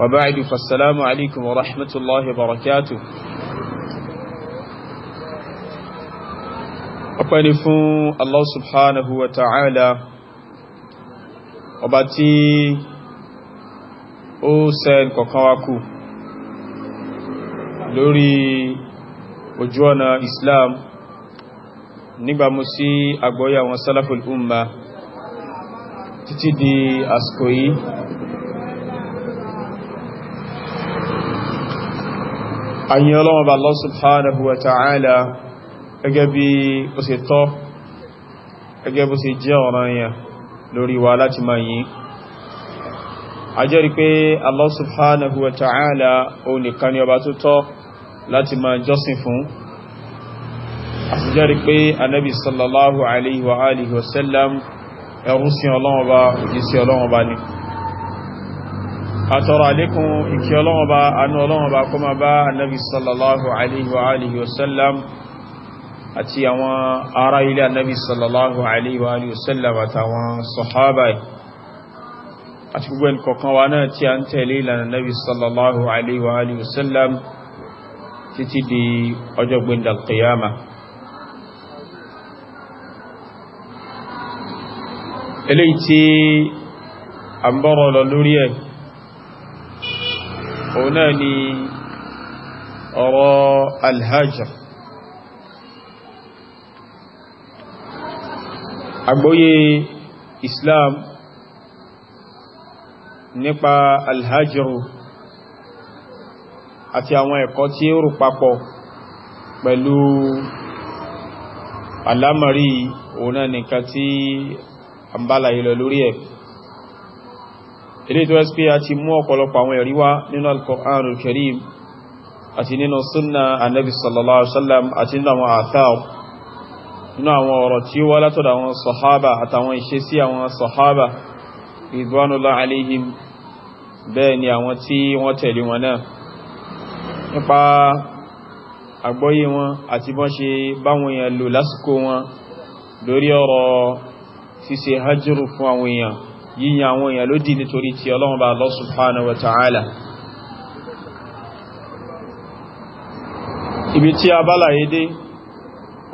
وبعد فالسلام عليكم ورحمة الله وبركاته أقول فون الله سبحانه وتعالى وباتي ó sẹ́n kọ̀kan wá kú lórí ojú ọ̀nà Islam nígbàmú sí àgbọ́yà wọn sálàfil umma títí di àsìkò yìí àyìn ọlọ́wọ́n bá Allah subhanahu wa ta'ala gẹ́gẹ́ bí ó ṣe tọ́ gẹ́gẹ́ bó ṣe jẹ́ ọ̀ranyàn lórí wa láti máa yìn a jẹ́rìí pé Allah subhanahu wa ta'ala ó nìkan ni ọba tó tọ́ láti máa jọ́sìn fún ni àtọrọ àlékún ìkí ọlọ́wọ́ba anú ọlọ́wọ́ba kó ma bá annabi sallallahu alaihi wa alihi wasallam àti àwọn ará ilé annabi sallallahu alaihi wa alihi wasallam àtàwọn sahaba àti gbogbo ẹnìkọ̀kan wa náà tí a ń tẹ̀lé ìlànà annabi sallallahu alaihi wa alihi wasallam títí di ọjọ́ gbindal òun náà ni ọ̀rọ̀ alhajar àgbóyé islam nípa alhajaru àti àwọn ẹ̀kọ́ tí ó rò papọ̀ pẹ̀lú alámàrí òun nìkan tí àmbálà ìlọ lórí ẹ̀ ilé tó ẹ́sì pé a ti mú ọ̀pọ̀lọpọ̀ àwọn ẹ̀rí wá nínú al-Qur'anul àti nínú súnnà annabi sallallahu alaihi wasallam àti nínú àwọn àtàw nínú àwọn ọ̀rọ̀ tí ó wá látọ̀dọ̀ àwọn sọ̀hábà alaihim bẹ́ẹ̀ ni àwọn tí wọ́n tẹ̀lé wọn náà nípa àgbọ́yé wọn àti bọ́n ṣe báwọn èèyàn lò lásìkò wọn lórí ọ̀rọ̀ ṣíṣe hajjúrù fún àwọn èèyàn yíyan àwọn èèyàn lódì nítorí ti ọlọ́run bá Allah subhanahu wa ta'ala ibi tí a bala yédé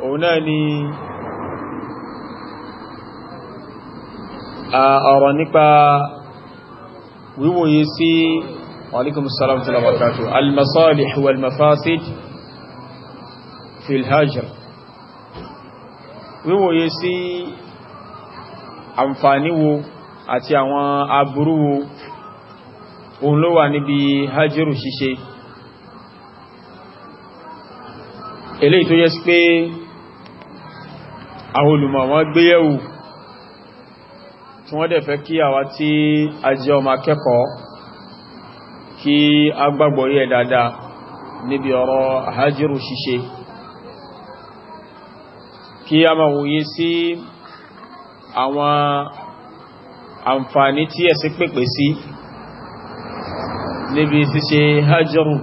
òun náà ni ọ̀rọ̀ nípa wíwòye sí wàlíkùn salam tàbátàtù al-masalih wal-mafasid fil-hajr wíwòye sí àǹfàníwò àti àwọn aburú òun ló wà níbi hajjiru ṣíṣe eléyìí tó yẹ sí pé àwọn olùmọ̀ wọn gbéyẹ̀wò tí wọ́n dẹ̀ fẹ́ kí àwa tí a jẹ́ ọmọ akẹ́kọ̀ọ́ kí a gbàgbọ́ yẹ dáadáa níbi ọ̀rọ̀ hajjiru ṣíṣe kí a máa wòye sí àwọn àǹfààní tí ẹ̀sìn pèpè sí níbi ṣíṣe hajjọ́rù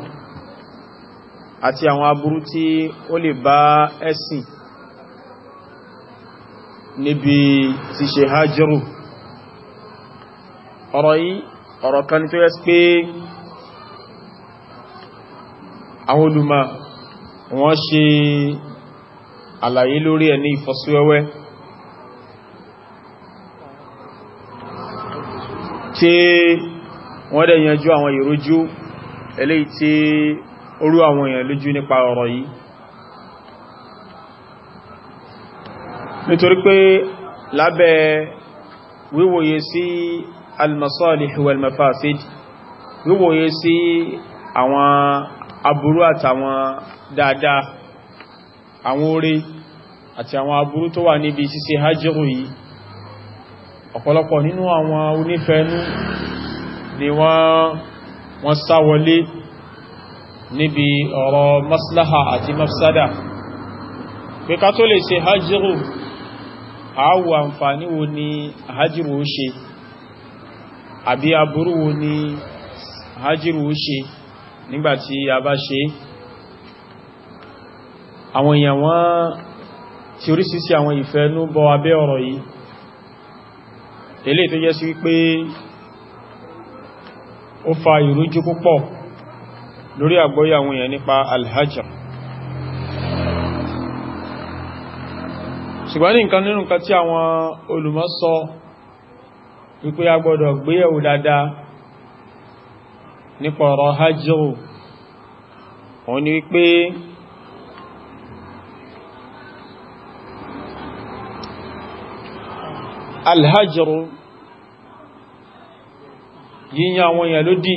àti àwọn aburú tí ó lè bá ẹ̀sìn níbi ṣíṣe hajjọ́rù ọ̀rọ̀ yìí ọ̀rọ̀ kan tó yẹ pé àwọn olùmọ̀ wọ́n ṣe àlàyé lórí ẹ̀ ìfọ́síwẹ́wẹ́ tí wọ́n dẹ̀ yanjú àwọn ìrújú eléyìí tí orú àwọn èèyàn lójú nípa ọ̀rọ̀ yìí nítorí pé lábẹ́ wíwòye sí al-masalih wal-mafasid wíwòye sí àwọn aburú àtàwọn dáadáa àwọn oore àti àwọn aburú tó wà níbi ṣíṣe hajjiru yìí ọ̀pọ̀lọpọ̀ nínú àwọn onífẹ́nú ni wọ́n sáwọlé níbi ọ̀rọ̀ maslaha àti mafsada pé ká tó lè ṣe hajjiru àwọ àǹfàní wo ni hajjiru ó ṣe àbí aburú wo ni hajjiru ó ṣe nígbàtí a bá ṣe àwọn èèyàn wọ́n tí orísìí àwọn ìfẹ́nú bọ́ abẹ́ ọ̀rọ̀ yìí eléyìí tó jẹ́ sí wípé ó fa ìrújú púpọ̀ lórí àgbọ́yé àwọn èèyàn nípa alhajjá ṣùgbọ́n ní nǹkan nínú nǹkan tí àwọn olùmọ̀ sọ wípé a gbọ́dọ̀ gbéyẹ̀wò dáadáa nípa ọ̀rọ̀ hajjá òun ni wípé alhajjaro yíyan àwọn èèyàn lódì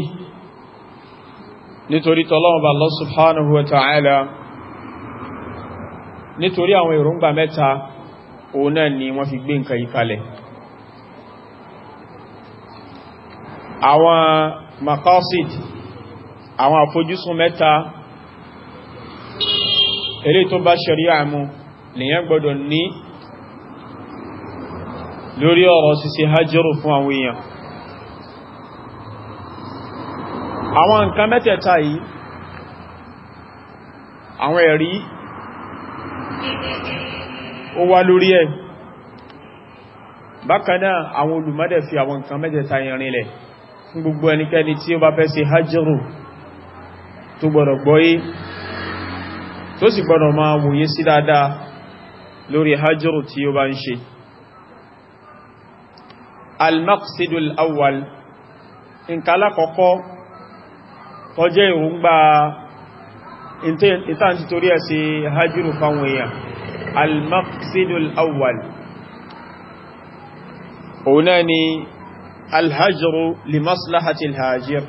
nítorí tọ́lọ́wọ́n bá Allah subhanahu wa ta'ala nítorí àwọn èròǹgbà mẹ́ta òun náà ni wọ́n fi gbé nǹkan yìí àwọn maqasid àwọn àfojúsùn mẹ́ta eré tó bá ṣẹ̀ríà mu nìyẹn gbọ́dọ̀ ní lórí ọ̀rọ̀ ṣíṣe hajjúrù fún àwọn èèyàn àwọn nǹkan mẹ́tẹ̀ẹ̀ta yìí àwọn ẹ̀rí ó wá lórí ẹ̀ bákanáà àwọn olùmọ́dẹ̀ fi àwọn nǹkan mẹ́tẹ̀ẹ̀ta yìí rinlẹ̀ fún gbogbo ẹnikẹ́ni tí ó bá fẹ́ ṣe hajjúrù tó gbọ́dọ̀ gbọ́yé tó sì al-maqsidul awwal nkàlá kọ̀kọ́ tọ́jẹ́ ìhùngbà ìtàn ti torí ẹ̀ sí hajjúrù fáwọn èèyàn al-maqsidul awwal òun náà ni al-hajjúrù li maslahatil hajjir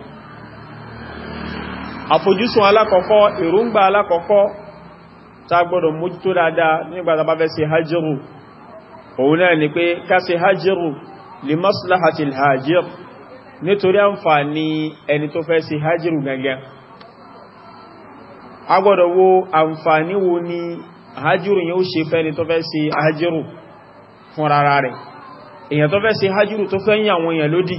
àfojúsùn alákọ̀ọ́kọ́ ìrúngbà alákọ̀ọ́kọ́ tá gbọ́dọ̀ mójútó dáadáa nígbàtà bá fẹ́ sí hajjúrù òun náà ni pé ká hajjúrù li maslahati al-hajir nítorí àǹfààní ẹni tó fẹ́ sí hajiru gangan a gbọ́dọ̀ wo àǹfààní wo ni hajiru yóò ṣe fẹ́ ni tó fẹ́ sí hajiru fún rárá rẹ̀ èyàn tó fẹ́ sí hajiru tó fẹ́ yìn àwọn èèyàn lódì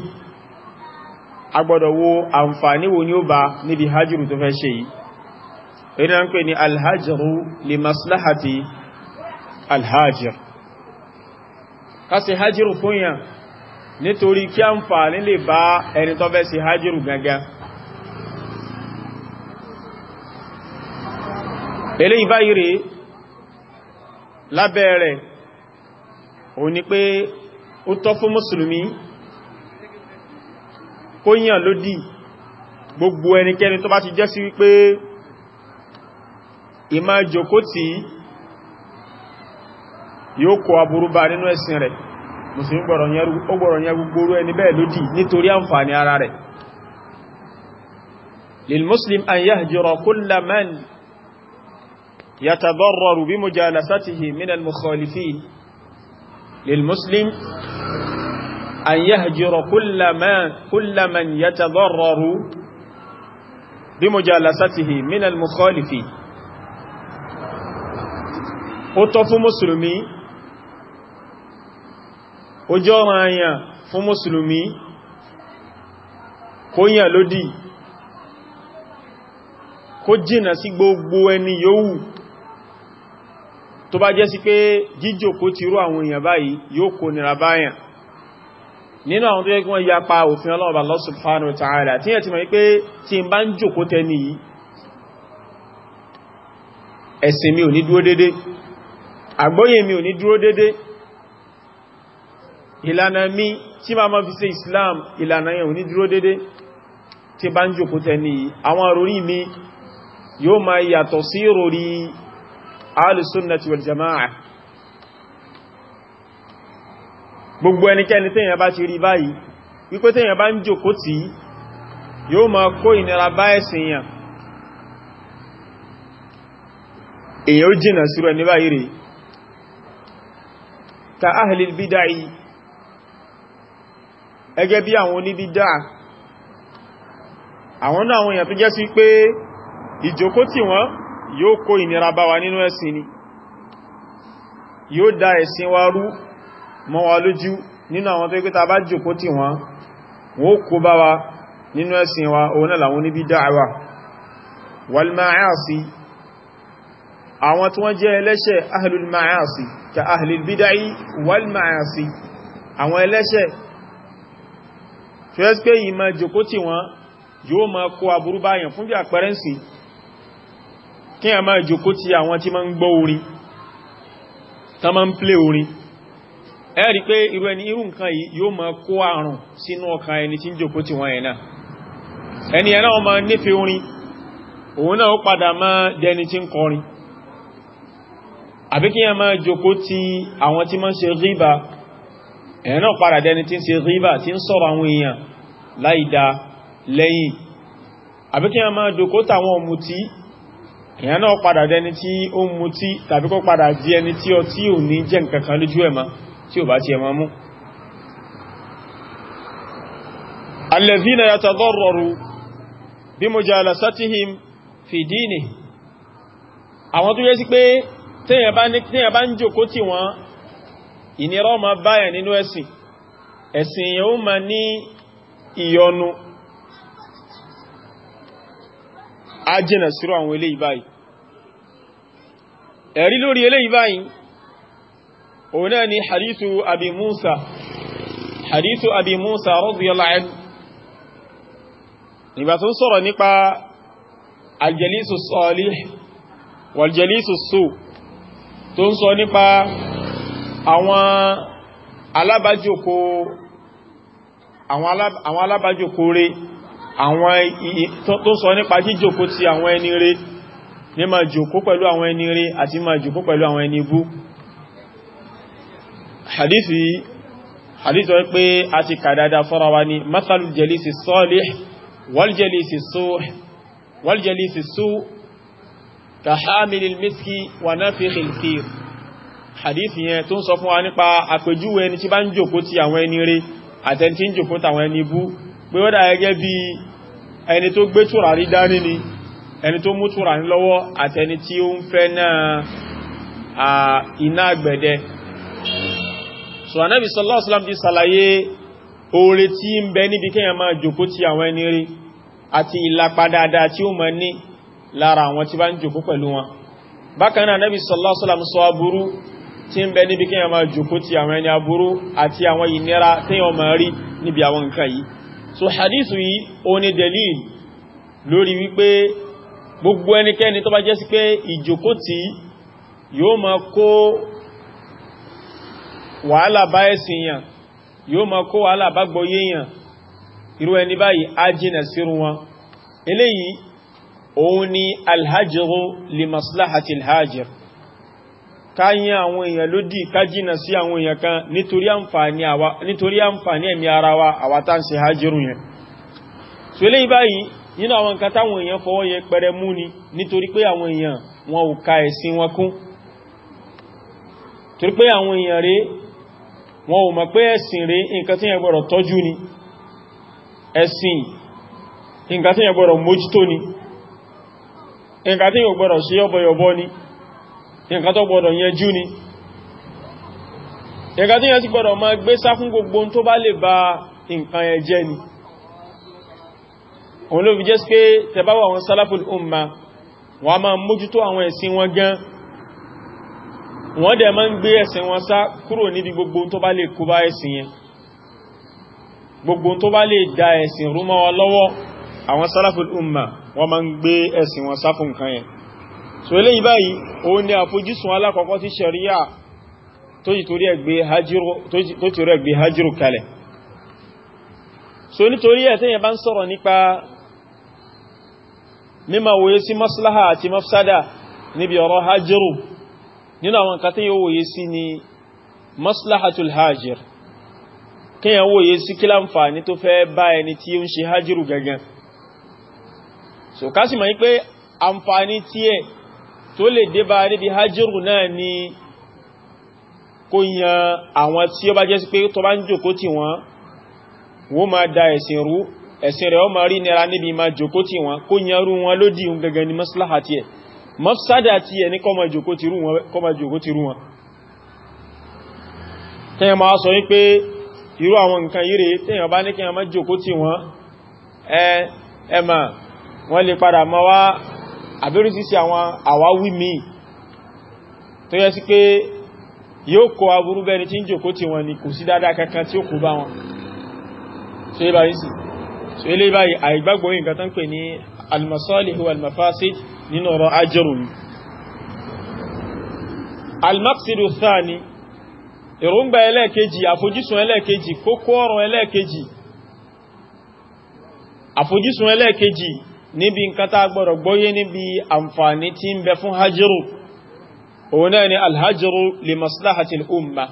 a wo àǹfààní wo ni ó bá níbi hajiru tó fẹ́ ṣe yìí èyí fún yàn nítorí kí a ń fà nílè bá ẹni tó fẹ́ sí hajjúrù gangan eléyìí báyìí rèé lábẹ́ rẹ̀ ó ní pé ó tọ́ fún mùsùlùmí kó yàn lódì gbogbo ẹnikẹ́ni tó bá ti jẹ́ sí wípé ìmá jòkó tí yóò kó aburú nínú ẹ̀sìn rẹ̀ musulmi gbọ́rọ̀ yẹ gbogbo ẹni bẹ́ẹ̀ lódì nítorí àǹfààní ara rẹ̀ للمسلم أن يهجر كل من يتضرر بمجالسته من المخالفين للمسلم أن يهجر كل من, كل من يتضرر بمجالسته من المخالفين ó tọ́ fún mùsùlùmí ó jẹ́ ọ̀rọ̀ fún mùsùlùmí kó yàn lódì kó jìnà sí gbogbo ẹni yòówù tó bá jẹ́ sí pé jíjòkó ti rú àwọn èèyàn báyìí yóò kó nira báyàn nínú àwọn tó yẹ kí wọ́n yapa òfin ọlọ́ọ̀bà Allah subhanahu tí yẹ ti mọ̀ wípé tí n bá ń jòkó tẹni yìí ẹ̀sìn mi ò ní dúró ìlànà mi tí ma ma fi ṣe islam ìlànà yẹn ò ní dúró dédé tí bá ń jòkó tẹni àwọn àròrí mi yóò ma yàtọ̀ sí ìròrí alìsúnnàtí wal jama'a gbogbo ẹnikẹ́ni tẹ́yàn bá ti rí báyìí wípé tẹ́yàn bá ń jòkó tí yóò ma kó ìnira bá ẹ̀sìn yàn ka ahlil bida'i ẹgẹ́ bí àwọn oníbídá àwọn náà àwọn èèyàn tó jẹ́ sí pé ìjókòó tì wọ́n yóò kó ìnira bá wa nínú ẹ̀sìn ni yóò dá ẹ̀sìn wa rú mọ́ wa lójú nínú àwọn tó yẹ pé tá bá jókòó tì wọ́n wọ́n kó bá wa nínú ẹ̀sìn wa òun náà làwọn oníbídá wa wal àwọn tí wọ́n jẹ́ ẹlẹ́ṣẹ̀ ahlul ma'asi ka ahlil bidai wal ma'asi àwọn ẹlẹ́ṣẹ̀ tó yẹ́ pé ìmọ̀ jòkó tí wọ́n yóò ma kó aburú báyàn fún bí àpẹẹrẹ sí kí a máa jòkó tí àwọn tí ma ń gbọ́ orin tán ma ń plé orin ẹ rí pé irú ẹni irú nǹkan yìí yóò ma kó àrùn sínú ọkàn ẹni tí ń jòkó tí wọ́n ẹni náà ó padà ẹ̀yẹn náà padà dẹni tí ń ṣe ríbà tí ń sọ̀rọ̀ àwọn èèyàn láìda lẹ́yìn àbí kí a máa dòkó tàwọn ọmùtí èèyàn náà padà dẹni tí ó ń mutí tàbí kó padà di ẹni tí ó tí ò ní jẹ́ nǹkankan lójú ẹ̀mọ́ tí ò bá ti ẹ̀mọ́ mú alladhina yatadarraru bi mujalasatihim fi dinihi àwọn tó yẹ sí pé téèyàn bá ń jòkó tí wọ́n ìnira ó máa báyàn nínú ẹ̀sìn ẹ̀sìn èèyàn ó máa ní ìyọnu ajínà sírò àwọn eléyìí báyìí ẹ̀rí lórí eléyìí báyìí òun náà ni hadithu abi musa hadithu abi musa radiyallahu anhu nígbà tó sọ̀rọ̀ nípa aljalisu salih waljalisu su tó ń sọ nípa àwọn alábájòkó àwọn alábájòkó rẹ àwọn tó sọ nípa jíjòkó ti àwọn ẹni rẹ ní ma jòkó pẹ̀lú àwọn ẹni rẹ àti ma jòkó pẹ̀lú àwọn ẹni bú hadithi hadithi wọ́n pé a ti kàdada fọ́ra wa ni mathalul jalisi salih wal jalisi su' wal jalisi miski wa hadithi yẹn tó ń sọ fún wa nípa àpèjúwe ẹni tí bá ń jòkó ti àwọn ẹni rí àtẹni tí ń jòkó tàwọn ẹni bú pé ó dà gẹ́gẹ́ bí ẹni tó gbé tùràrí dání ni ẹni tó mú tùràrí lọ́wọ́ àtẹni tí ó ń fẹ́ náà iná àgbẹ̀dẹ so anábi sallallahu alaihi wasallam ti ṣàlàyé oore tí ń bẹ níbi kéèyàn máa jòkó ti àwọn ẹni rí àti ìlapa dáadáa tí ó máa ní lára àwọn tí bá ń jòkó pẹ̀lú wọn bákan náà anábi aburú tí ń bẹ níbi kí yàn máa jùkú ti àwọn ẹni aburú àti àwọn ìnira tí yàn máa rí níbi àwọn nǹkan yìí so hadith yìí ó ní delil lórí wípé gbogbo ẹnikẹ́ni tó bá jẹ́ sí pé ìjùkú ti yóò máa kó wàhálà bá ẹ̀sìn yàn yóò máa kó wàhálà bá gbọ́yé yàn irú ẹni báyìí á jìnà sírú wọn eléyìí òun ni alhajiru li maslahati ka yán àwọn èèyàn lódì ká jìnà sí àwọn èèyàn kan nítorí àǹfààní ẹ̀mí ara wa àwátá ń ṣe hajjírù yẹn so lè báyìí nínú àwọn nǹkan táwọn èèyàn fọwọ́ yẹ pẹrẹ mú ni nítorí pé àwọn èèyàn wọn ò ka ẹ̀sìn wọn kún torí pé àwọn èèyàn rẹ̀ wọn ò mọ̀ pé ẹ̀sìn nkata nǹkan tí yẹn tọ́jú ni ẹ̀sìn nǹkan tí yẹn gbọ́dọ̀ mójútó ni nǹkan tí yẹn ni nǹkan tó gbọdọ̀ yanjú ni nǹkan tí yẹn ti gbọdọ̀ máa gbé sá fún gbogbo tó bá lè ba nǹkan yẹn jẹ́ ni òun ló fi jẹ́ sí pé tẹbáwà àwọn salaful umma wọ́n a máa mójútó àwọn ẹ̀sìn wọn gan wọ́n dẹ̀ máa ń gbé ẹ̀sìn wọn sá kúrò níbi gbogbo tó bá lè kó bá ẹ̀sìn yẹn gbogbo tó bá lè da ẹ̀sìn rú mọ́ wọn lọ́wọ́ àwọn salaful umma wọ́n máa ń gbé ẹ̀sìn wọn sá fún nǹkan yẹn so eléyìí báyìí òun ni àfojúsùn alákọ̀ọ́kọ́ tí ṣẹ̀ríyà tó ti torí ẹgbẹ̀ hajjírù kalẹ̀ so nítorí ẹ̀ tẹ́yẹ bá ń sọ̀rọ̀ nípa mímọ̀ wòye sí maslaha àti mafsada níbi ọ̀rọ̀ hajjírù nínú àwọn nǹkan tẹ́yẹ sí ni maslahatul hajjir kíyàn wòye sí kí láǹfààní tó fẹ́ bá ẹni tí ó ń ṣe hajjírù so kásìmọ̀ yí pé àǹfààní tí tó lè débá níbi hajjúrù náà ni kó yan àwọn tí ó bá jẹ́ sí pé tó bá ń jòkó tì wọ́n wọ́n máa da ẹ̀sìn rú ẹ̀sìn rẹ̀ ó máa rí nira níbi máa jòkó tì wọ́n kó yan rú wọn lódì gangan ni maslaha tiẹ̀ mafsada tiẹ̀ ní kó máa jòkó ti rú wọn tẹ́yàn máa sọ wípé irú àwọn nǹkan yíre tẹ́yàn bá wọ́n lè padà máa wá àbẹ́rísísí àwọn àwáwí míì tó yẹ sí pé yóò kó aburú bẹ́ni tí ń jòkó tí wọn ni kò sí dáadáa kankan tí ó kó bá wọn so ilé báyìí sí so ilé báyìí àìgbàgbọ́ yìí nǹkan tán pè ní almasalihu walmafasid nínú ọ̀rọ̀ ajẹ́rù mi almaqsidu thani èròǹgbà ẹlẹ́ẹ̀kejì àfojúsùn ẹlẹ́ẹ̀kejì kókó ọ̀rọ̀ ẹlẹ́ẹ̀kejì àfojúsùn ẹlẹ́ẹ̀kejì níbi nǹkan tá gbọ́dọ̀ gbọ́yé níbi àǹfààní tí ń bẹ fún hajjiru òun náà ni alhajjiru li maslahatil umma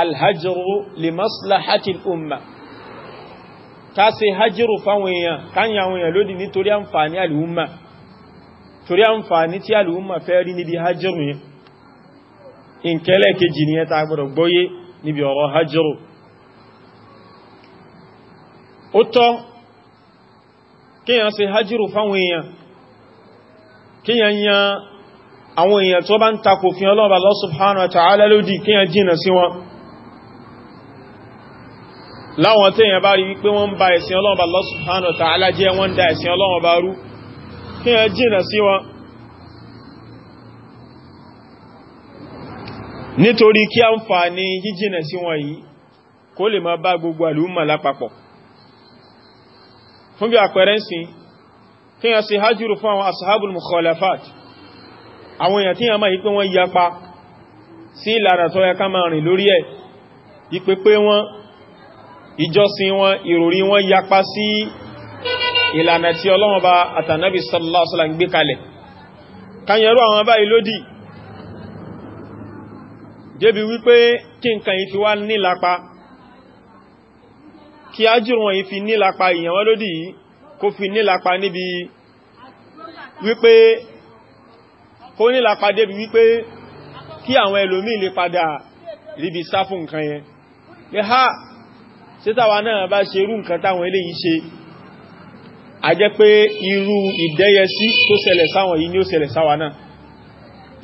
alhajjiru li maslahatil umma ká ṣe hajjiru fáwọn èèyàn káyà àwọn èèyàn lódì nítorí àǹfààní al'umma torí àǹfààní tí al'umma fẹ́ rí níbi hajjiru yẹn ìkẹlẹ̀ kejì ó tọ́ kíyàn ṣe hajjírù fáwọn èèyàn kíyàn ya àwọn èèyàn tó bá ń takò fi ọlọ́ọ̀bà Allah subhanahu wa ta'ala lódì kíyàn jìnà sí wọn láwọn tẹ́yàn bá rí wípé wọ́n ń ẹ̀sìn ẹ̀sìn rú kíyàn jìnà sí wọn nítorí kí fún bí àpẹẹrẹ ń sin kí yàn ṣe hajjúrù fún àwọn asahabul mukhalafat àwọn èèyàn tí yàn máa ipé wọn yapa sí ìlànà tó yẹ ká máa rìn lórí ẹ̀ ipé pé wọn ìjọsìn wọn ìròrí wọn yapa sí ìlànà tí Ọlọ́run bá àtànábì sallallahu kí ájírù wọ̀nyí fi nílapa ìyàn wọ́n lódì yìí kó fi nílapa níbi wípé kó nílapa débi wípé kí àwọn ẹlòmí lè padà ríbi sá fún nǹkan yẹn pé ha sítàwà náà bá ṣe irú nǹkan táwọn eléyìí ṣe a jẹ́ pé irú ìdẹ́yẹsí tó ṣẹlẹ̀ sáwọn yìí ni ó ṣẹlẹ̀ sáwa náà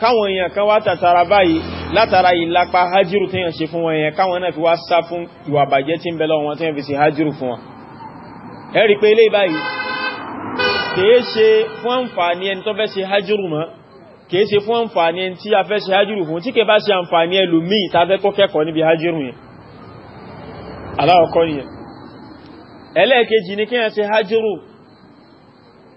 káwọn èèyàn kan wá tàtàrà báyìí látara ìlapa hajjiru tí yàn ṣe fún wọn èèyàn káwọn náà fi wá sá fún ìwà bàjẹ́ tí ń bẹ lọ́wọ́ wọn tí yàn fi ṣe hajjiru fún wọn ẹ rí pé ilé báyìí kìí ṣe fún àǹfààní ẹni tó fẹ́ ṣe hajjiru mọ́ kìí ṣe fún àǹfààní ẹni tí a fẹ́ ṣe hajjiru fún tí kìí bá ṣe àǹfààní ẹlòmíì tá fẹ́ kó kẹ́kọ̀ọ́ níbi hajjiru yẹn aláwọ̀kọ́ nìyẹn ẹlẹ́ẹ̀kejì ni kí yàn ṣe hajjiru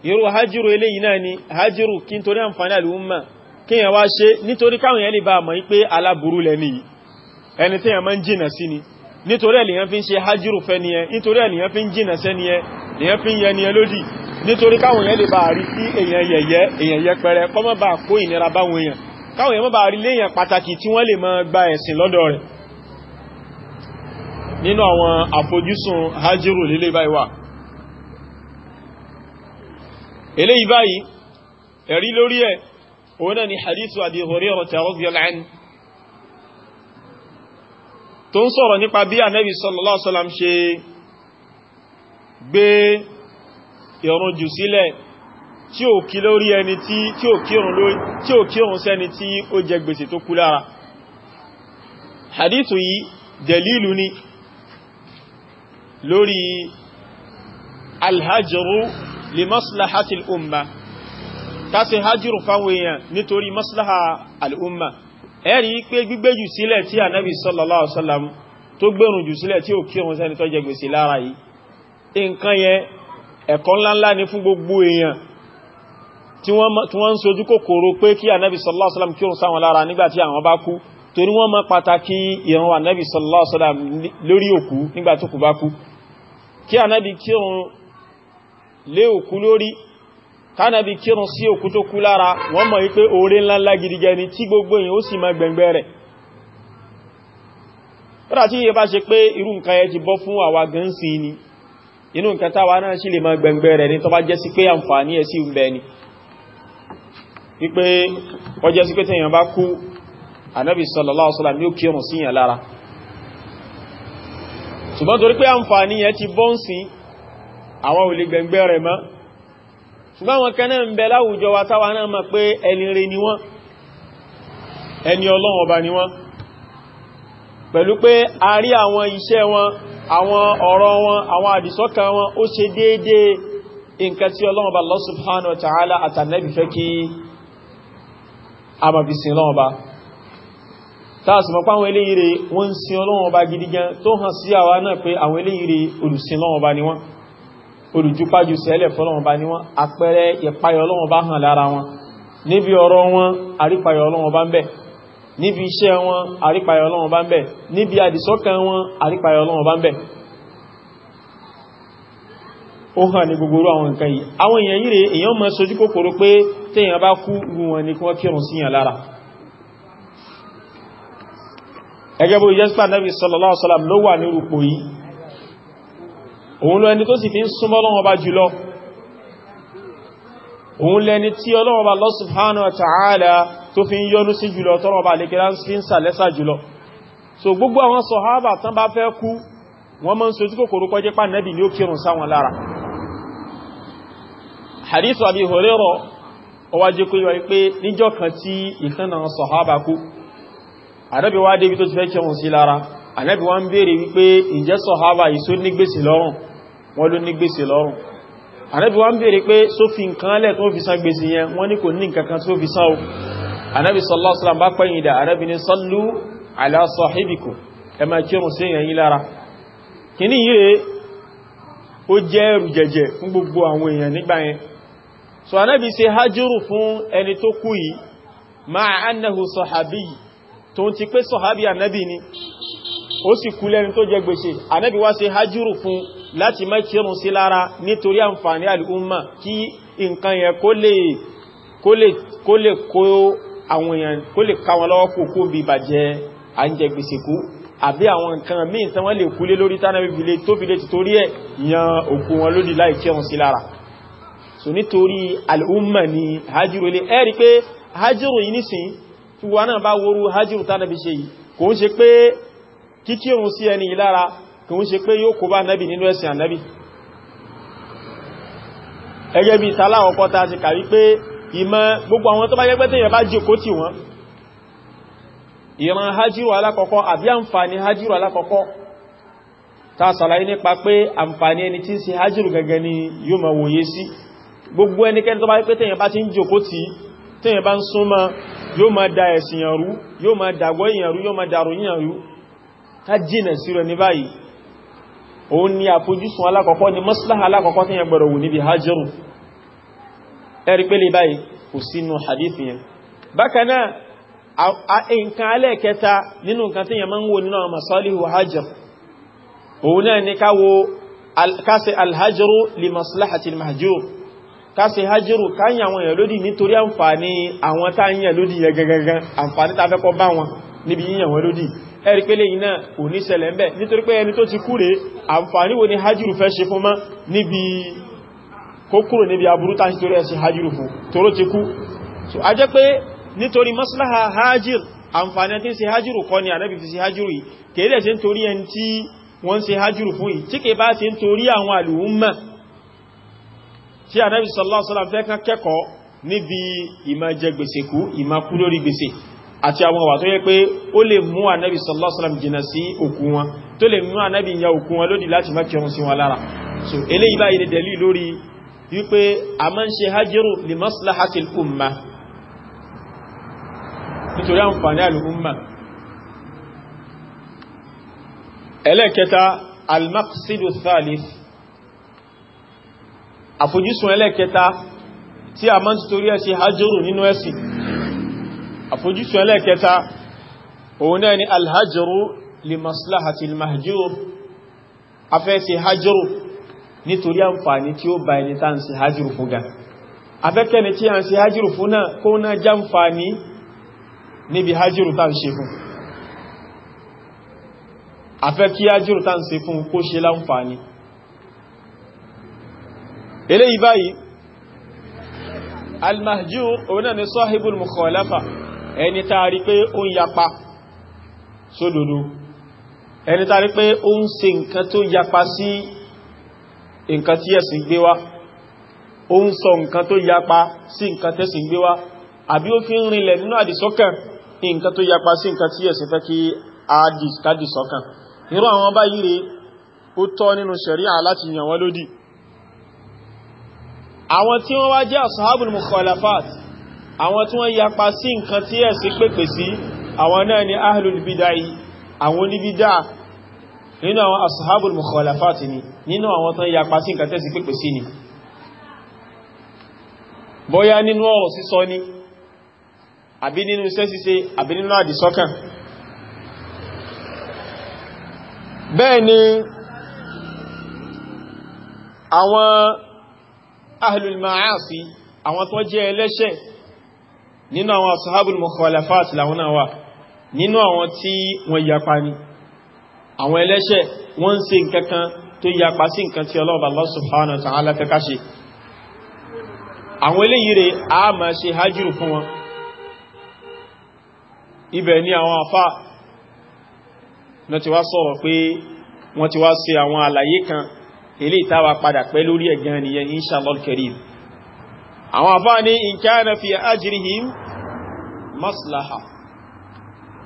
irú hajjiru eléyìí náà ni hajjiru kí n torí àǹfààní àlùmọ́ kíyàn wá ṣe nítorí káwọn yẹn lè bá mọ̀ pé aláburú lẹ́ni ẹni tí yàn máa ń jìnà sí ni nítorí ẹ̀ lèyàn fi ń ṣe hajjúrù fẹ́ ni ẹ nítorí ẹ̀ lèyàn fi ń jìnà sẹ́ni ẹ lèyàn fi ń yẹ ni ẹ lódì nítorí káwọn yẹn lè bá rí sí èèyàn yẹ̀yẹ́ èèyàn yẹpẹrẹ kọ́ mọ́ bá kó ìnira báwọn èèyàn káwọn yẹn mọ́ bá rí léèyàn pàtàkì tí wọ́n lè máa gba ẹ̀sìn lọ́dọ̀ rẹ̀ nínú ẹ̀rí lórí ẹ̀ هنا حديث أبي هريرة رضي الله عنه tó ń sọ̀rọ̀ nípa bí ànẹ́bì sallallahu alaihi wasallam ṣe gbé ìrun jù sílẹ̀ tí ò kí lórí ẹni tí ò kírun sẹ́ni tí ó jẹ gbèsè tó kú lára hadithu yìí dalilu ni lórí alhajru li maslahatil ká ṣe hajjúrù fáwọn èèyàn nítorí maslaha al'umma ẹ̀rí pé gbígbé jù sílẹ̀ tí ànábì sallallahu alaihi wasallam tó gbẹ̀rùn jù sílẹ̀ tí ò kírun sẹ́ni tó jẹ gbèsè lára yìí nǹkan yẹn ẹ̀kọ́ ńláńlá ni fún gbogbo èèyàn tí wọ́n ń sojú kòkòrò pé kí ànábì sallallahu alaihi wasallam kírun sáwọn lára nígbà tí àwọn bá kú torí wọ́n mọ̀ pàtàkì kánàbí kírun sí òkú tó kú lára wọ́n mọ̀ wípé oore ńláńlá gidigan ni tí gbogbo èèyàn ó sì máa gbẹ̀ngbẹ̀ rẹ̀ rárá tí yẹ bá ṣe pé irú nǹkan ẹ ti bọ́ fún àwa gan sí ni inú nǹkan táwa náà sì lè máa gbẹ̀ngbẹ̀ rẹ̀ ni tó bá jẹ́ sí pé àǹfààní ẹ̀ sí ń bẹ ni wípé ọjọ́ sí pé àwọn ò gbẹ̀ngbẹ̀ rẹ̀ mọ́ ṣùgbọ́n àwọn kan náà ń bẹ láwùjọ wa táwa náà mọ̀ pé ẹni rere ni wọ́n ẹni ọlọ́run ọba ni wọ́n pẹ̀lú pé a rí àwọn iṣẹ́ wọn àwọn ọ̀rọ̀ wọn àwọn àdìsọ́kà wọn ó ṣe déédéé nǹkan tí ọlọ́run ta'ala àtànẹ́bì fẹ́ kí a máa fi sin ọlọ́run ọba táàsì gidi gan tó hàn sí àwa náà pé àwọn eléyìí rẹ̀ olùsin ni wọ́n olùjúpájú sẹ́lẹ̀ fọ́lọ́wọ́n bá ní wọ́n àpẹẹrẹ ìpayọ̀ ọlọ́wọ́n bá hàn lára wọn níbi ọ̀rọ̀ wọn àrípayọ̀ ọlọ́wọ́n bá ń bẹ níbi iṣẹ́ wọn àrípayọ̀ ọlọ́wọ́n bá ń bẹ níbi àdìsọ́kàn wọn àrípayọ̀ ọlọ́wọ́n bá ń bẹ ó hàn ní gbogbo àwọn nǹkan yìí àwọn èèyàn yìí rẹ̀ èèyàn máa sojú kòkòrò pé téèyàn bá kú rú wọn ní kí wọ́n kírun síyàn lára ẹgẹ́ bó jẹ́sípà Nabi sallallahu alaihi wasallam ló wà ní rúpò yìí òun lẹni tó sì fi ń súnmọ́ Ọlọ́run Ọba jùlọ òun lẹni tí Ọlọ́run Ọba Allah subhanahu wa ta'ala tó fi ń yọ́nú sí jùlọ tọ́rọ̀ Ọba lẹ́kẹ́lá fi ń sàlẹ́sà jùlọ so gbogbo àwọn sọ̀hábà tán bá fẹ́ kú wọ́n mọ́ ń sojú kòkòrò kọjẹ́ pà nẹ́bì ní ó kírùn sáwọn lára hadith Abi Hurairah ọwájẹ́ kó yíwa pé níjọ́ kan tí ìkànnà sọ̀hábà kú ànábì wá débi tó ti fẹ́ kírùn sí lára ànábì wá ń béèrè wípé ǹjẹ́ sọ̀hábà ìsó nígbèsè lọ́rùn wọ́n ló ní gbèsè lọ́rùn ànábì wá ń bèèrè pé só fi nǹkan lẹ̀ tó fi san gbèsè yẹn wọ́n ní kò ní nǹkan kan tó fi san o ànábì sallallahu alaihi wasallam bá pẹ́yìn dà ànábì ní sallu ala sahibikum ẹ máa kírun sí èèyàn yín lára kìíní yìí ó jẹ́ ẹrù jẹjẹ fún gbogbo àwọn èèyàn nígbà sì kú lẹ́ni tó jẹ gbèsè ànábì wá ṣe hajjúrù fún láti má kírun sí lára nítorí àǹfààní àlùmọ̀ kí nǹkan yẹn kó lè kó lè kó lè kó àwọn èèyàn kó lè ká wọn lọ́wọ́ kó kó bí ìbàjẹ́ àjẹgbèsè kú àbí àwọn nǹkan míì tán wọ́n lè kúlé lórí tánàbí fi lè tó fi lè ti torí ẹ̀ yan òkú wọn lódì láì kírun sí lára so nítorí al'umma ni hajjúrò ilé ẹ̀rí pé hajjúrò yìí nísìn tí náà bá wóru hajjúrò tánàbí ṣe yìí kò ń ṣe pé kíkírun sí ẹni lára kí wọ́n ṣe pé yóò kó bá nẹ́bì nínú ẹ̀sìn ànẹ́bì ẹgẹ́ bí tàláwọn kọta ti kàrí pé ìmọ̀ gbogbo àwọn tó bá yẹ́gbẹ́ tẹ́yàn bá jòkó tì wọ́n ìran hajjírò alákọ̀ọ́kọ́ àbí àǹfààní hajjírò alákọ̀ọ́kọ́ ta sàlàyé nípa pé àǹfààní ẹni tí ń ṣe hajjírò gẹ́gẹ́ ni yóò ma wòye sí gbogbo ẹnikẹ́ni tó bá pé tẹ́yàn bá ti ń jòkó tì tẹ́yàn bá ń súnmọ́ yóò ma da ẹ̀sìn yànrú yóò ma dàgbọ́ yànrú yóò ma dàrú yànrú ká jìnà sí rẹ̀ ní báyìí ó ní àfojúsùn alákọ̀ọ́kọ́ ni maslaha alákọ̀ọ́kọ́ tí yẹn gbọ́rọ̀ wù níbi hajjọ́rù ẹ̀rí pé lè báyìí kò sínú hadithi yẹn bákaná nǹkan alẹ́ẹ̀kẹta nínú nǹkan tí yẹn máa ń wò nínú masalihu ni maslahati mahjur kásẹ̀ hajjọ́rù káyà àwọn èèyàn lódì nítorí àǹfààní àwọn táyà lódì yẹn gangan àǹfààní tafẹ́kọ́ bá wọn níbi yíyàn wọn ẹ̀rí pé lẹ́yìn náà ò ní ṣẹlẹ̀ ń bẹ̀ nítorí pé ẹni tó ti kú rẹ̀ àǹfààní wo ni hajjúrù fẹ́ ṣe fún mọ́ níbi kókúrò níbi aburú tàbí torí ẹ̀sìn hajjúrù fún toró ti kú so a jẹ́ pé nítorí maslaha hajjúrù àǹfààní tí ń ṣe hajjúrù ni ànábì fi ṣe hajjúrù yìí kèédè ṣe ń torí ẹni tí wọ́n ṣe hajjúrù fún yìí tí kèé bá ṣe ń torí àwọn àlùmọ̀ tí àti àwọn wà tó yẹ pé ó lè mú ànábì sallallahu alaihi wasallam jìnà sí òkú wọn tó lè mú ànábì ya òkú wọn lódì láti má kírun sí wọn lára so eléyìí báyìí ni dẹ̀lí lórí wípé a máa ń ṣe hajjiru li maslahatil umma nítorí àǹfààní al'umma àfojúsùn ẹlẹ́ẹ̀kẹta òun náà ni alhajjuru li maslahati almahjur afẹ́ sí hajjuru nítorí àǹfààní tí ó bá ẹni tá ń sí hajjuru fún ga afẹ́kẹ́ni tí a ń sí hajjuru fún náà kó náà jàǹfààní níbi hajjuru tá ń ṣe fún afẹ́ kí hajjuru tá ẹni tàà rí pé ó ń yapa sódodo ẹni tàà rí pé ó ń ṣe nǹkan tó yapa sí nǹkan tí ẹ̀sìn gbé wá ó ń sọ nǹkan tó yapa sí nǹkan tẹ́sìn gbé wá àbí ó fi ń rinlẹ̀ nínú àdìsọ́kàn nǹkan tó yapa sí nǹkan tí ẹ̀sìn fẹ́ kí àdìsọ́kàn irú àwọn báyìí rèé ó tọ́ nínú ṣẹ̀ríà láti yàn wọ́n lódì àwọn tí wọ́n wá jẹ́ ashabul mukhalafat àwọn tí wọ́n yapa sí nǹkan tí ẹ̀sìn pèpè sí àwọn náà ni ahlul bidai àwọn oníbídá nínú àwọn ashabul mukhalafati ni nínú àwọn tán yapa sí nǹkan tẹ́sìn pèpè sí ni bóyá nínú ọ̀rọ̀ sísọ ni àbí nínú iṣẹ́ ṣíṣe àbí nínú àdìsọ́kàn bẹ́ẹ̀ ni àwọn ahlul ma'asi àwọn tó jẹ́ ẹlẹ́ṣẹ̀ nínú àwọn ashabul mukhalafat làwọn náà wà nínú àwọn tí wọ́n yapa ni àwọn ẹlẹ́ṣẹ̀ wọ́n ń ṣe nǹkan kan tó yapa sí nǹkan tí Ọlọ́run Allah subhanahu wa ta'ala fẹ́ ká ṣe àwọn eléyìí rẹ̀ a máa ṣe hajjúrù fún wọn ibẹ̀ padà pẹ́ lórí ẹ̀gán nìyẹn inshallah karim àwọn àfá ní ìkẹ́ẹ̀nà fi ajrihim maslaha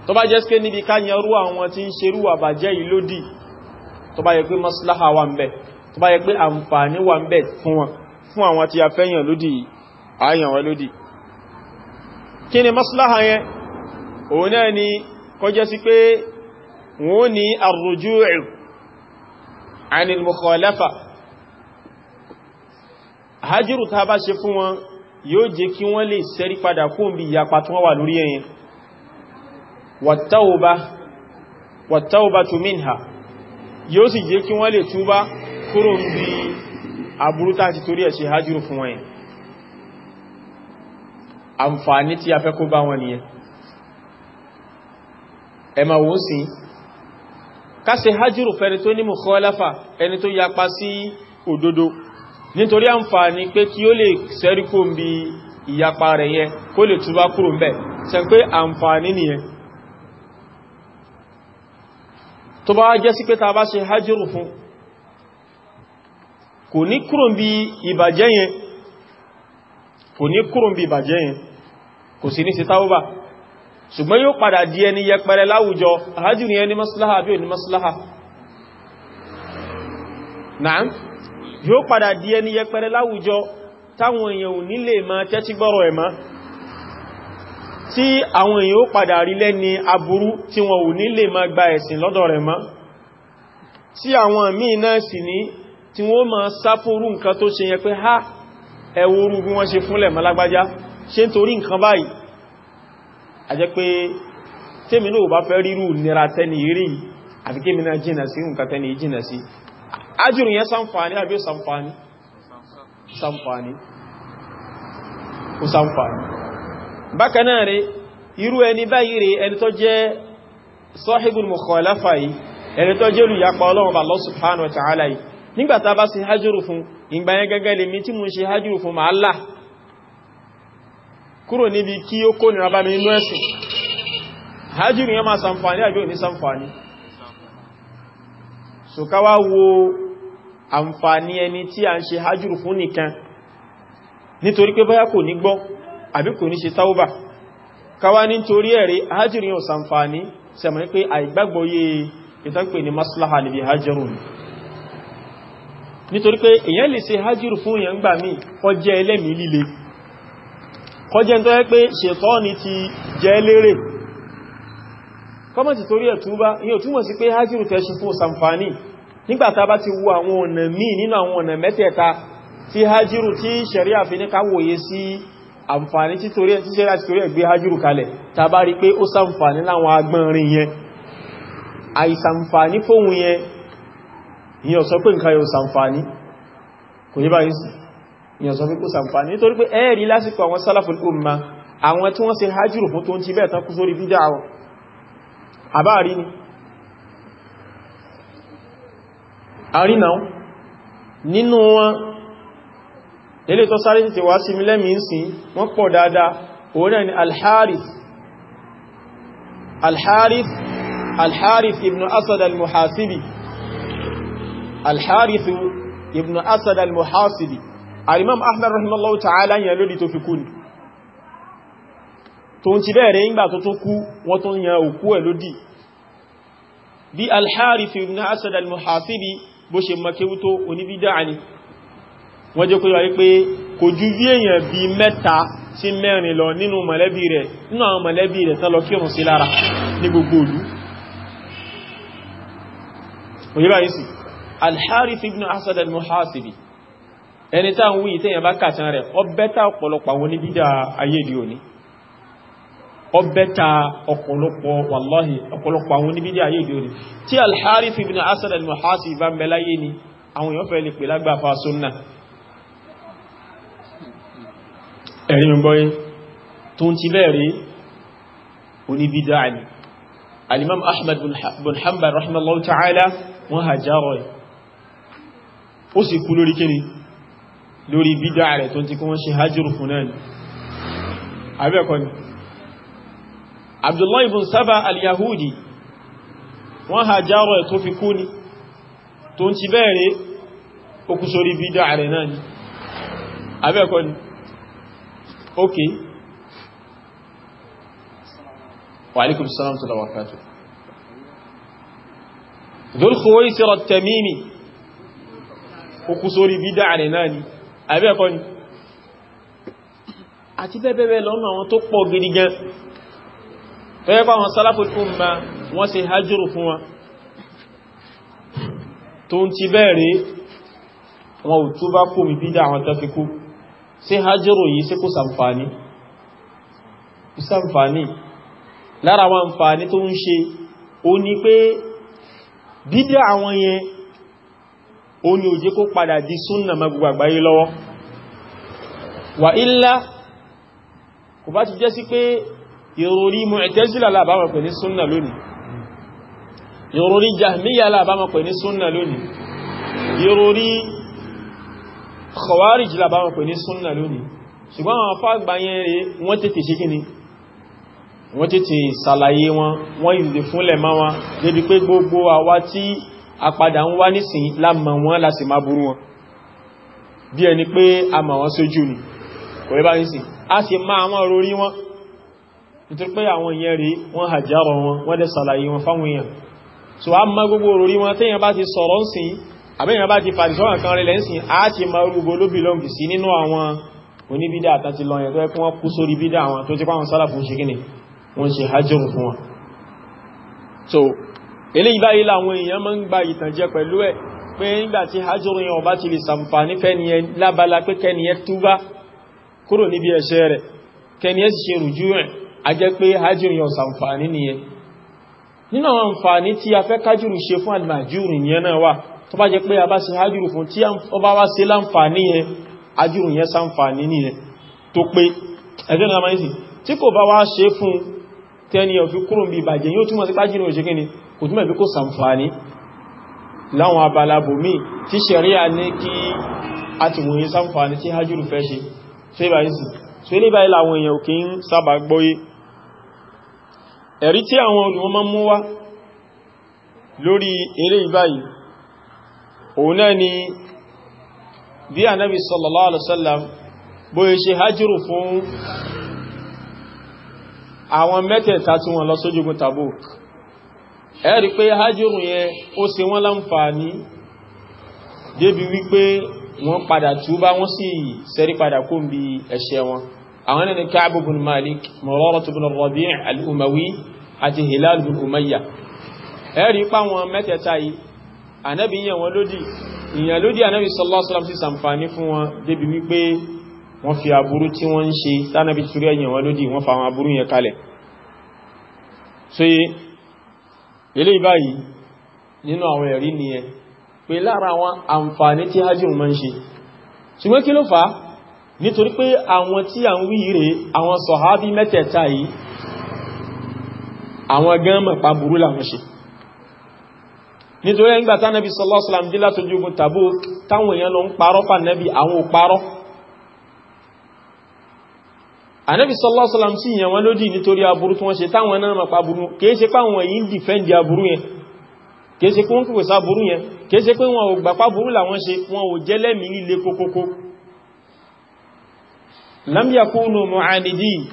tó bá jẹ́ sí níbi káyẹrú àwọn tí ń ṣerú àbàjẹ́ ìlódì tó bá yẹ pé maslaha wà ń bẹ tó bá yẹ pé àǹfààní wà ń bẹ fún wọn fún àwọn tí a fẹ́yàn lódì àyàn wọn lódì kí ni maslaha yẹn òun náà ni kọjẹ́ sí pé wọ́n ní ar-ruju' 'an hajjúrù ta bá ṣe fún wọn yóò jẹ́ kí wọ́n lè sẹ́rí padà kún bí ìyapa tí wọ́n wà lórí ẹ̀yìn wàtàwọ̀bá tó mìnà yóò sì jẹ́ kí wọ́n lè túbá kúrò bí àbúrútà ti torí ẹ̀ ṣe hajjúrù fún wọn àǹfààní tí a fẹ́ kó bá wọn nìyẹn ẹ̀mà wọ́n sí ká ṣe hajjúrù fẹ́ni tó ní mùkọ́láfà ẹni tó yapa sí òdodo nítorí àǹfààní pé kí ó lè sẹ́ríkò ń bí ìyapa rẹ̀ yẹn kó lè túbá kúrò ń bẹ̀ ṣe pé àǹfààní nìyẹn tó bá jẹ́ sí pé ta bá ṣe hajjúrù fún kò ní kúrò bí ìbàjẹ́ yẹn kò ní kúrò bí ìbàjẹ́ yẹn kò sí ní sí táwọ́bà ṣùgbọ́n yóò padà di ẹni yẹpẹrẹ láwùjọ hajjúrù yẹn ní maslaha bí ò ní maslaha na'am yóò padà di ẹni yẹpẹrẹ láwùjọ táwọn èèyàn ò ní lè máa tẹ́tí gbọ́rọ̀ ẹ̀ mọ́ tí àwọn èèyàn ó padà rí lẹ́ni aburú tí wọn ò ní lè gba ẹ̀sìn lọ́dọ̀ rẹ̀ mọ́ tí àwọn míì náà sì ní tí wọ́n máa sáfórú nǹkan tó ṣe yẹn ha ẹwọ orú bí wọ́n ṣe fúnlẹ̀ malágbájá ṣe ń torí nǹkan báyìí a jẹ́ pé tèmi náà bá fẹ́ rírù nira tẹ́ni rí àfi náà jìnà sí nǹkan tẹ́ni jìnà sí ajírù yẹn sàǹfàní àbí sàǹfàní sàǹfàní kò sàǹfàní bákanáà rẹ̀ irú ẹni báyìí rẹ̀ ẹni tó jẹ́ sọ́hìbùn mọ̀kànláfà yìí ẹni tó jẹ́ olùyapa Ọlọ́run Allah subhanahu wa ta'ala yìí nígbàtà bá ṣe hajjúrù fún ìgbà yẹn gẹ́gẹ́ lè mi tí so ká wá wo àǹfààní ẹni tí a ń ṣe hajjúrù fún nìkan nítorí pé báyá kò ní gbọ́ àbí kò ní ṣe táúbà ká wá ní torí ẹ̀rẹ́ hajjúrù yóò sàǹfààní sẹ̀mọ̀ pé àìgbàgbọ́ yé ìtànpè ní maslaha níbi hajjúrù pé èyàn lè ni ti kọ́mọ̀ ti torí ẹ̀ túbá yíò túmọ̀ sí pé hajjúrù tẹ́ ṣe fún sàǹfàní nígbàtà bá ti wo àwọn ọ̀nà míì nínú àwọn ọ̀nà mẹ́tẹ̀ẹ̀ta tí hajjúrù tí ṣẹ̀ríà fi ní káwòye sí àǹfàní tí ṣẹ̀ríà ti torí ẹ̀ gbé hajjúrù kalẹ̀ tàbá rí pé ó sàǹfàní láwọn agbọ́nrin yẹn àìsàǹfàní fóhun yẹn yíò sọ pé nǹkan yóò sàǹfàní kò àwọn tí wọ́n ṣe hajjúrù fún tó ń ti bẹ́ẹ̀ tán kú sórí bídá àwọn àbáàrí ni àrínà nínú wọn ilé tó sáré ti wá sí mílẹ́mì ń sí wọ́n pọ̀ dáadáa òun náà ni al-Harith al-Harith al-Harith ibn Asad al-Muhasibi al ibn Asad al-Muhasibi al-Imam rahimallahu ta'ala yẹn lórí tó fi kú tó ń ti bẹ̀rẹ̀ ìgbà tó tó kú wọ́n tó ń yan òkú ẹ̀ lódì bí al-Harith ibn Asad al-Muhasibi bó ṣe makewu tó oníbídá ni wọ́n jẹ́ kó yọ wípé kò ju bí èèyàn bí mẹ́ta sí mẹ́rin lọ nínú mọ̀lẹ́bí rẹ̀ nínú àwọn mọ̀lẹ́bí rẹ̀ tán lọ kírun sí lára ní gbogbo ìlú òyíbá yìí sí al-Harith ibn Asad al-Muhasibi ẹni táwọn wíyí tẹ́yàn bá kàtàn rẹ̀ ọ bẹ́ta ọ̀pọ̀lọpọ̀ àwọn oníbídá ayé di òní ọbẹ́ta ọ̀pọ̀lọpọ̀ wàláhì ọ̀pọ̀lọpọ̀ àwọn oníbídí ayé ìdí òní tí alhárif ibn asad al-muhasi bá ń bẹ̀láyé ni àwọn èèyàn fẹ́ lè pè lágbàfà súnnà ẹ̀rí mẹ́bọ́yí tó ń ti bẹ́ẹ̀rí oníbídí àní alimam ahmad bin hanbal rahimahullahu ta'ala wọ́n hajjáró ẹ̀ ó sì kú lórí kíni lórí bídá rẹ̀ tó ń ti kí wọ́n ṣe hajjúrù fún náà ni àbẹ́ẹ̀kọ́ ni abdullahi ibn saba al-yahudi wọ́n ha járọ̀ ẹ̀ tó fi kú ni tó ń ti bẹ́ẹ̀rẹ̀ okù sórí bídá rẹ̀ náà ni abẹ́ẹ̀kọ́ ni ok wàlíkùn sálàm tó dáwà kàtò dúlkùwé sírọ̀ tẹ̀mími okù sórí bídá náà ni abẹ́ẹ̀kọ́ ni àti bẹ́ẹ̀bẹ́ẹ̀ lọ́nà àwọn tó pọ̀ gidi tó yẹ pa wọn salaful umma wọ́n ṣe hajjúrù fún wọn tó ń ti bẹ́ẹ̀rẹ̀ wọn ò túbá kó mi bídá àwọn tó fi kú ṣe hajjúrù yìí sí kó sàǹfàní sàǹfàní lára wọn àǹfàní tó ń ṣe ó ní pé bídá àwọn yẹn ó ní òjé kó padà di súnnà magbogbo lọ́wọ́ wà ilá kò bá ti jẹ́ sí pé ìròrí mu'tazila lábámọ̀ pè ní súnnà lónìí ìròrí jahmiya lábámọ̀ pè ní súnnà lónìí ìròrí khawarij lábámọ̀ pè ní súnnà lónìí ṣùgbọ́n àwọn afágbà yẹn rí wọ́n tètè ṣe kíni wọ́n tètè sàlàyé wọn wọ́n ìdè fúnlẹ̀ ni kò rí bá nísìn a nítorí pé àwọn èèyàn rí wọ́n hàjárọ̀ wọn wọ́n dẹ̀ sàlàyé wọn fáwọn èèyàn so a ma gbogbo orí wọn tẹ́yàn bá ti sọ̀rọ̀ ń sìn àbẹ́yàn bá ti fàdìsọ́wọ̀n kan rẹ̀ lẹ́sìn a ti ma gbogbo ló bìlọ́ǹgì sí nínú àwọn oníbídà àtàti lọ́yẹ̀ tó ẹkùn wọ́n kú so eléyìí báyìí làwọn èèyàn máa ń gba ìtànjẹ pẹ̀lú ẹ̀ pé nígbà tí hajjọ́rù yẹn ọba ti lè sàǹfààní fẹ́niyẹ lábala pé kẹ́niyẹ túbá sì ṣe rùjú rẹ̀ a jẹ́ pé hajjúrù yọ sàǹfàní nìyẹn nínú àwọn àǹfàní tí a fẹ́ kájúrù ṣe fún alìmàjúrù yẹn náà wà tó bá jẹ́ pé a bá ṣe hajjúrù fún tí ó bá wá ṣe láǹfàní yẹn hajjúrù yẹn sàǹfàní nìyẹn tó pé ẹjọ́ náà máa ń sì tí kò bá wá ṣe fún tẹ́ni ọ̀fí kúrò bí ìbàjẹ́ yóò túnmọ̀ sí pájínú òṣèké ni kò túnmọ̀ bí kò sàǹfàní láwọn abalabòmí tí ṣẹ̀ríà ní kí a ti wòye sàǹfàní tí hajjúrù fẹ́ ṣe ṣe ìbàjẹ́sì ẹ̀rí tí àwọn olùmọ́mọ́ mú wá lórí eré ìbáyìí òun náà ni bí ànábì sallallahu alaihi wasallam bó ṣe hajjúrù fún àwọn mẹ́tẹ̀ẹ̀ta tí wọ́n lọ sójúgun Tabuk ẹ̀rí pé hajjúrù yẹn ó ṣe wọ́n láǹfààní débi wípé wọ́n padà túbá wọ́n sì ṣẹ́rí padà kó ń bi ẹ̀ṣẹ̀ wọn àwọn ẹni káàbù bin malik mọ̀rọ̀rọ̀tù bin rabi' al-umawi àti hilal bin umayya ẹ̀rí pa wọn mẹ́tẹ̀ẹ̀ta yìí ànábì yẹn wọn lódì ìyẹn lódì ànábì sallallahu alaihi wasallam sí sàǹfààní fún wọn débi wípé wọ́n fi aburú tí wọ́n ń ṣe tánàbí torí ẹ̀yìn wọn lódì wọ́n fa àwọn aburú yẹn kalẹ̀ so yé eléyìí báyìí nínú àwọn nítorí pé àwọn tí à ń wí rèé àwọn sọ̀hábí mẹ́tẹ̀ẹ̀ta yìí àwọn gan mọ̀pá burú làwọn ṣe nítorí ẹgbà tánàbí sallallahu alaihi wasallam dé látojú ogun tàbó táwọn èèyàn lọ ń parọ́ fànàbí àwọn ò parọ́ ànábì sallallahu alaihi wasallam sí ìyàn wọn lódì nítorí aburú tí wọ́n ṣe táwọn náà mọ̀pá burú kìí ṣe páwọn èyí ń dìfẹ́ndì aburú yẹn kìí ṣe pé wọ́n kìí sá burú yẹn kìí ṣe pé wọn ò gbàpá burú làwọn ṣe wọn ò jẹ́lẹ́mìí líle kókókó لم يكونوا mu'anidin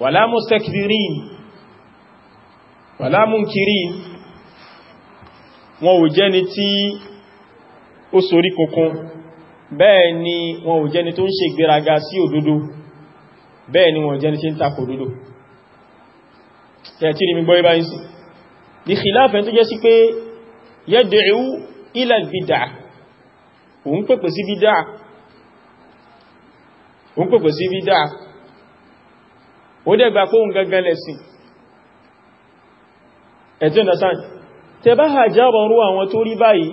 ولا مستكبرين، ولا منكرين، wọn ò jẹ́ni tí ó sorí kokun bẹ́ẹ̀ ni wọn ò jẹ́ni tó ń ṣe gbéraga sí òdodo bẹ́ẹ̀ ni wọn jẹ́ni tí ń takò òdodo tẹ̀tí ni mi gbọ́ ibá ìsìn bí kìláàfẹ́ tó jẹ́ sí pé yad'u ila al-bid'ah òun pẹ̀pẹ̀ sí bid'ah ó ń pèpè sí bídá ó dẹ̀ gbà fóhun gangan lẹ́sìn ẹ̀tí understand tẹ bá hajjábọ̀ rú àwọn tó rí báyìí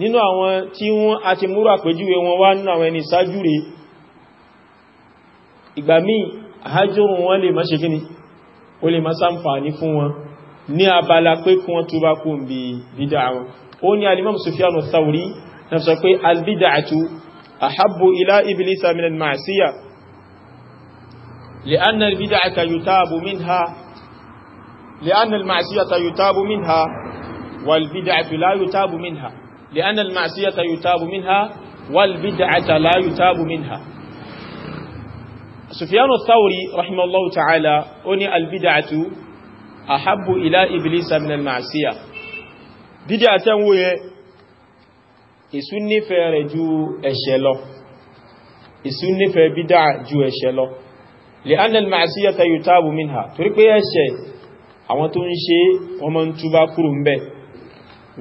nínú àwọn tí wọ́n a ti múrò àpèjúwe wọn wá nínú àwọn ẹni sáájú rẹ̀ ìgbà míì hajjúrùn wọn lè má ṣe gíní ó lè má ṣàǹfààní fún wọn ní abala pé kí wọ́n túbá kú ń bí bídá wọn ó ní alimam Sufyan Thauri na sọ pé albida'atu أحب إلى إبليس من المعصية لأن البدعة يتاب منها لأن المعصية يتاب منها والبدعة لا يتاب منها لأن المعصية يتاب منها والبدعة لا يتاب منها سفيان الثوري رحمه الله تعالى أني البدعة أحب إلى إبليس من المعصية بدعة èṣù nífẹ̀ẹ́ rẹ̀ ju ẹ̀ṣẹ̀ lọ èṣù nífẹ̀ẹ́ bídá ju ẹ̀ṣẹ̀ lọ lè annal ma'asiyata yutabu minha torí pé ẹ̀ṣẹ̀ àwọn tó ń ṣe wọ́n máa ń túbá kúrò ń bẹ̀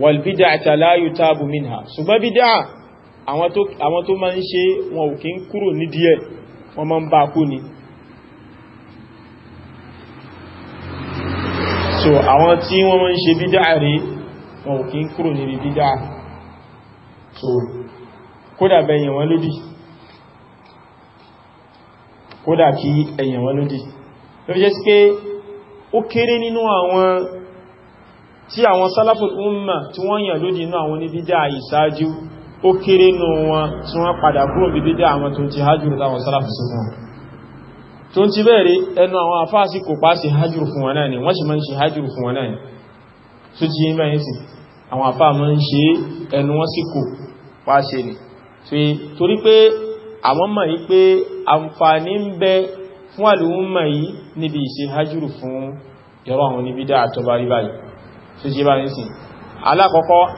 wal bídá àtàlá yutabu minha ṣùgbọ́n bídá àwọn tó máa ń ṣe wọn ò kí ń kúrò nídìí ẹ̀ wọ́n máa ń bá kú ni so àwọn tí wọ́n máa ń ṣe bídá rí wọn ò kí ń kúrò níbi bídá rí so kódà bẹ ẹ̀yìn wọn lódì kódà kí ẹ̀yìn wọn lódì ló jẹ́ sí pé ó kéré nínú àwọn tí àwọn salaful umma tí wọ́n yàn lódì inú àwọn oníbídá ìsáájú ó kéré nù wọn tí wọ́n padà kúrò bíbídá àwọn tó ti hajjúrù láwọn salafu sọ́fún tó ti bẹ̀rẹ̀ ẹnu àwọn àfáàsí kò pa sí hajjúrù fún wọn náà ni wọ́n sì máa ń ṣe hajjúrù fún wọn náà tó ti yí báyìí sí àwọn àfáà máa ń ṣe ẹnu wọn sí kò wá ṣe ni torí pé àwọn mọ̀ yí pé àǹfààní ń bẹ fún àlùmọ̀ yìí níbi ìṣe hajjúrù fún ìrọ̀ àwọn níbi dá àtọ́bá rí báyìí tó ṣe bá ni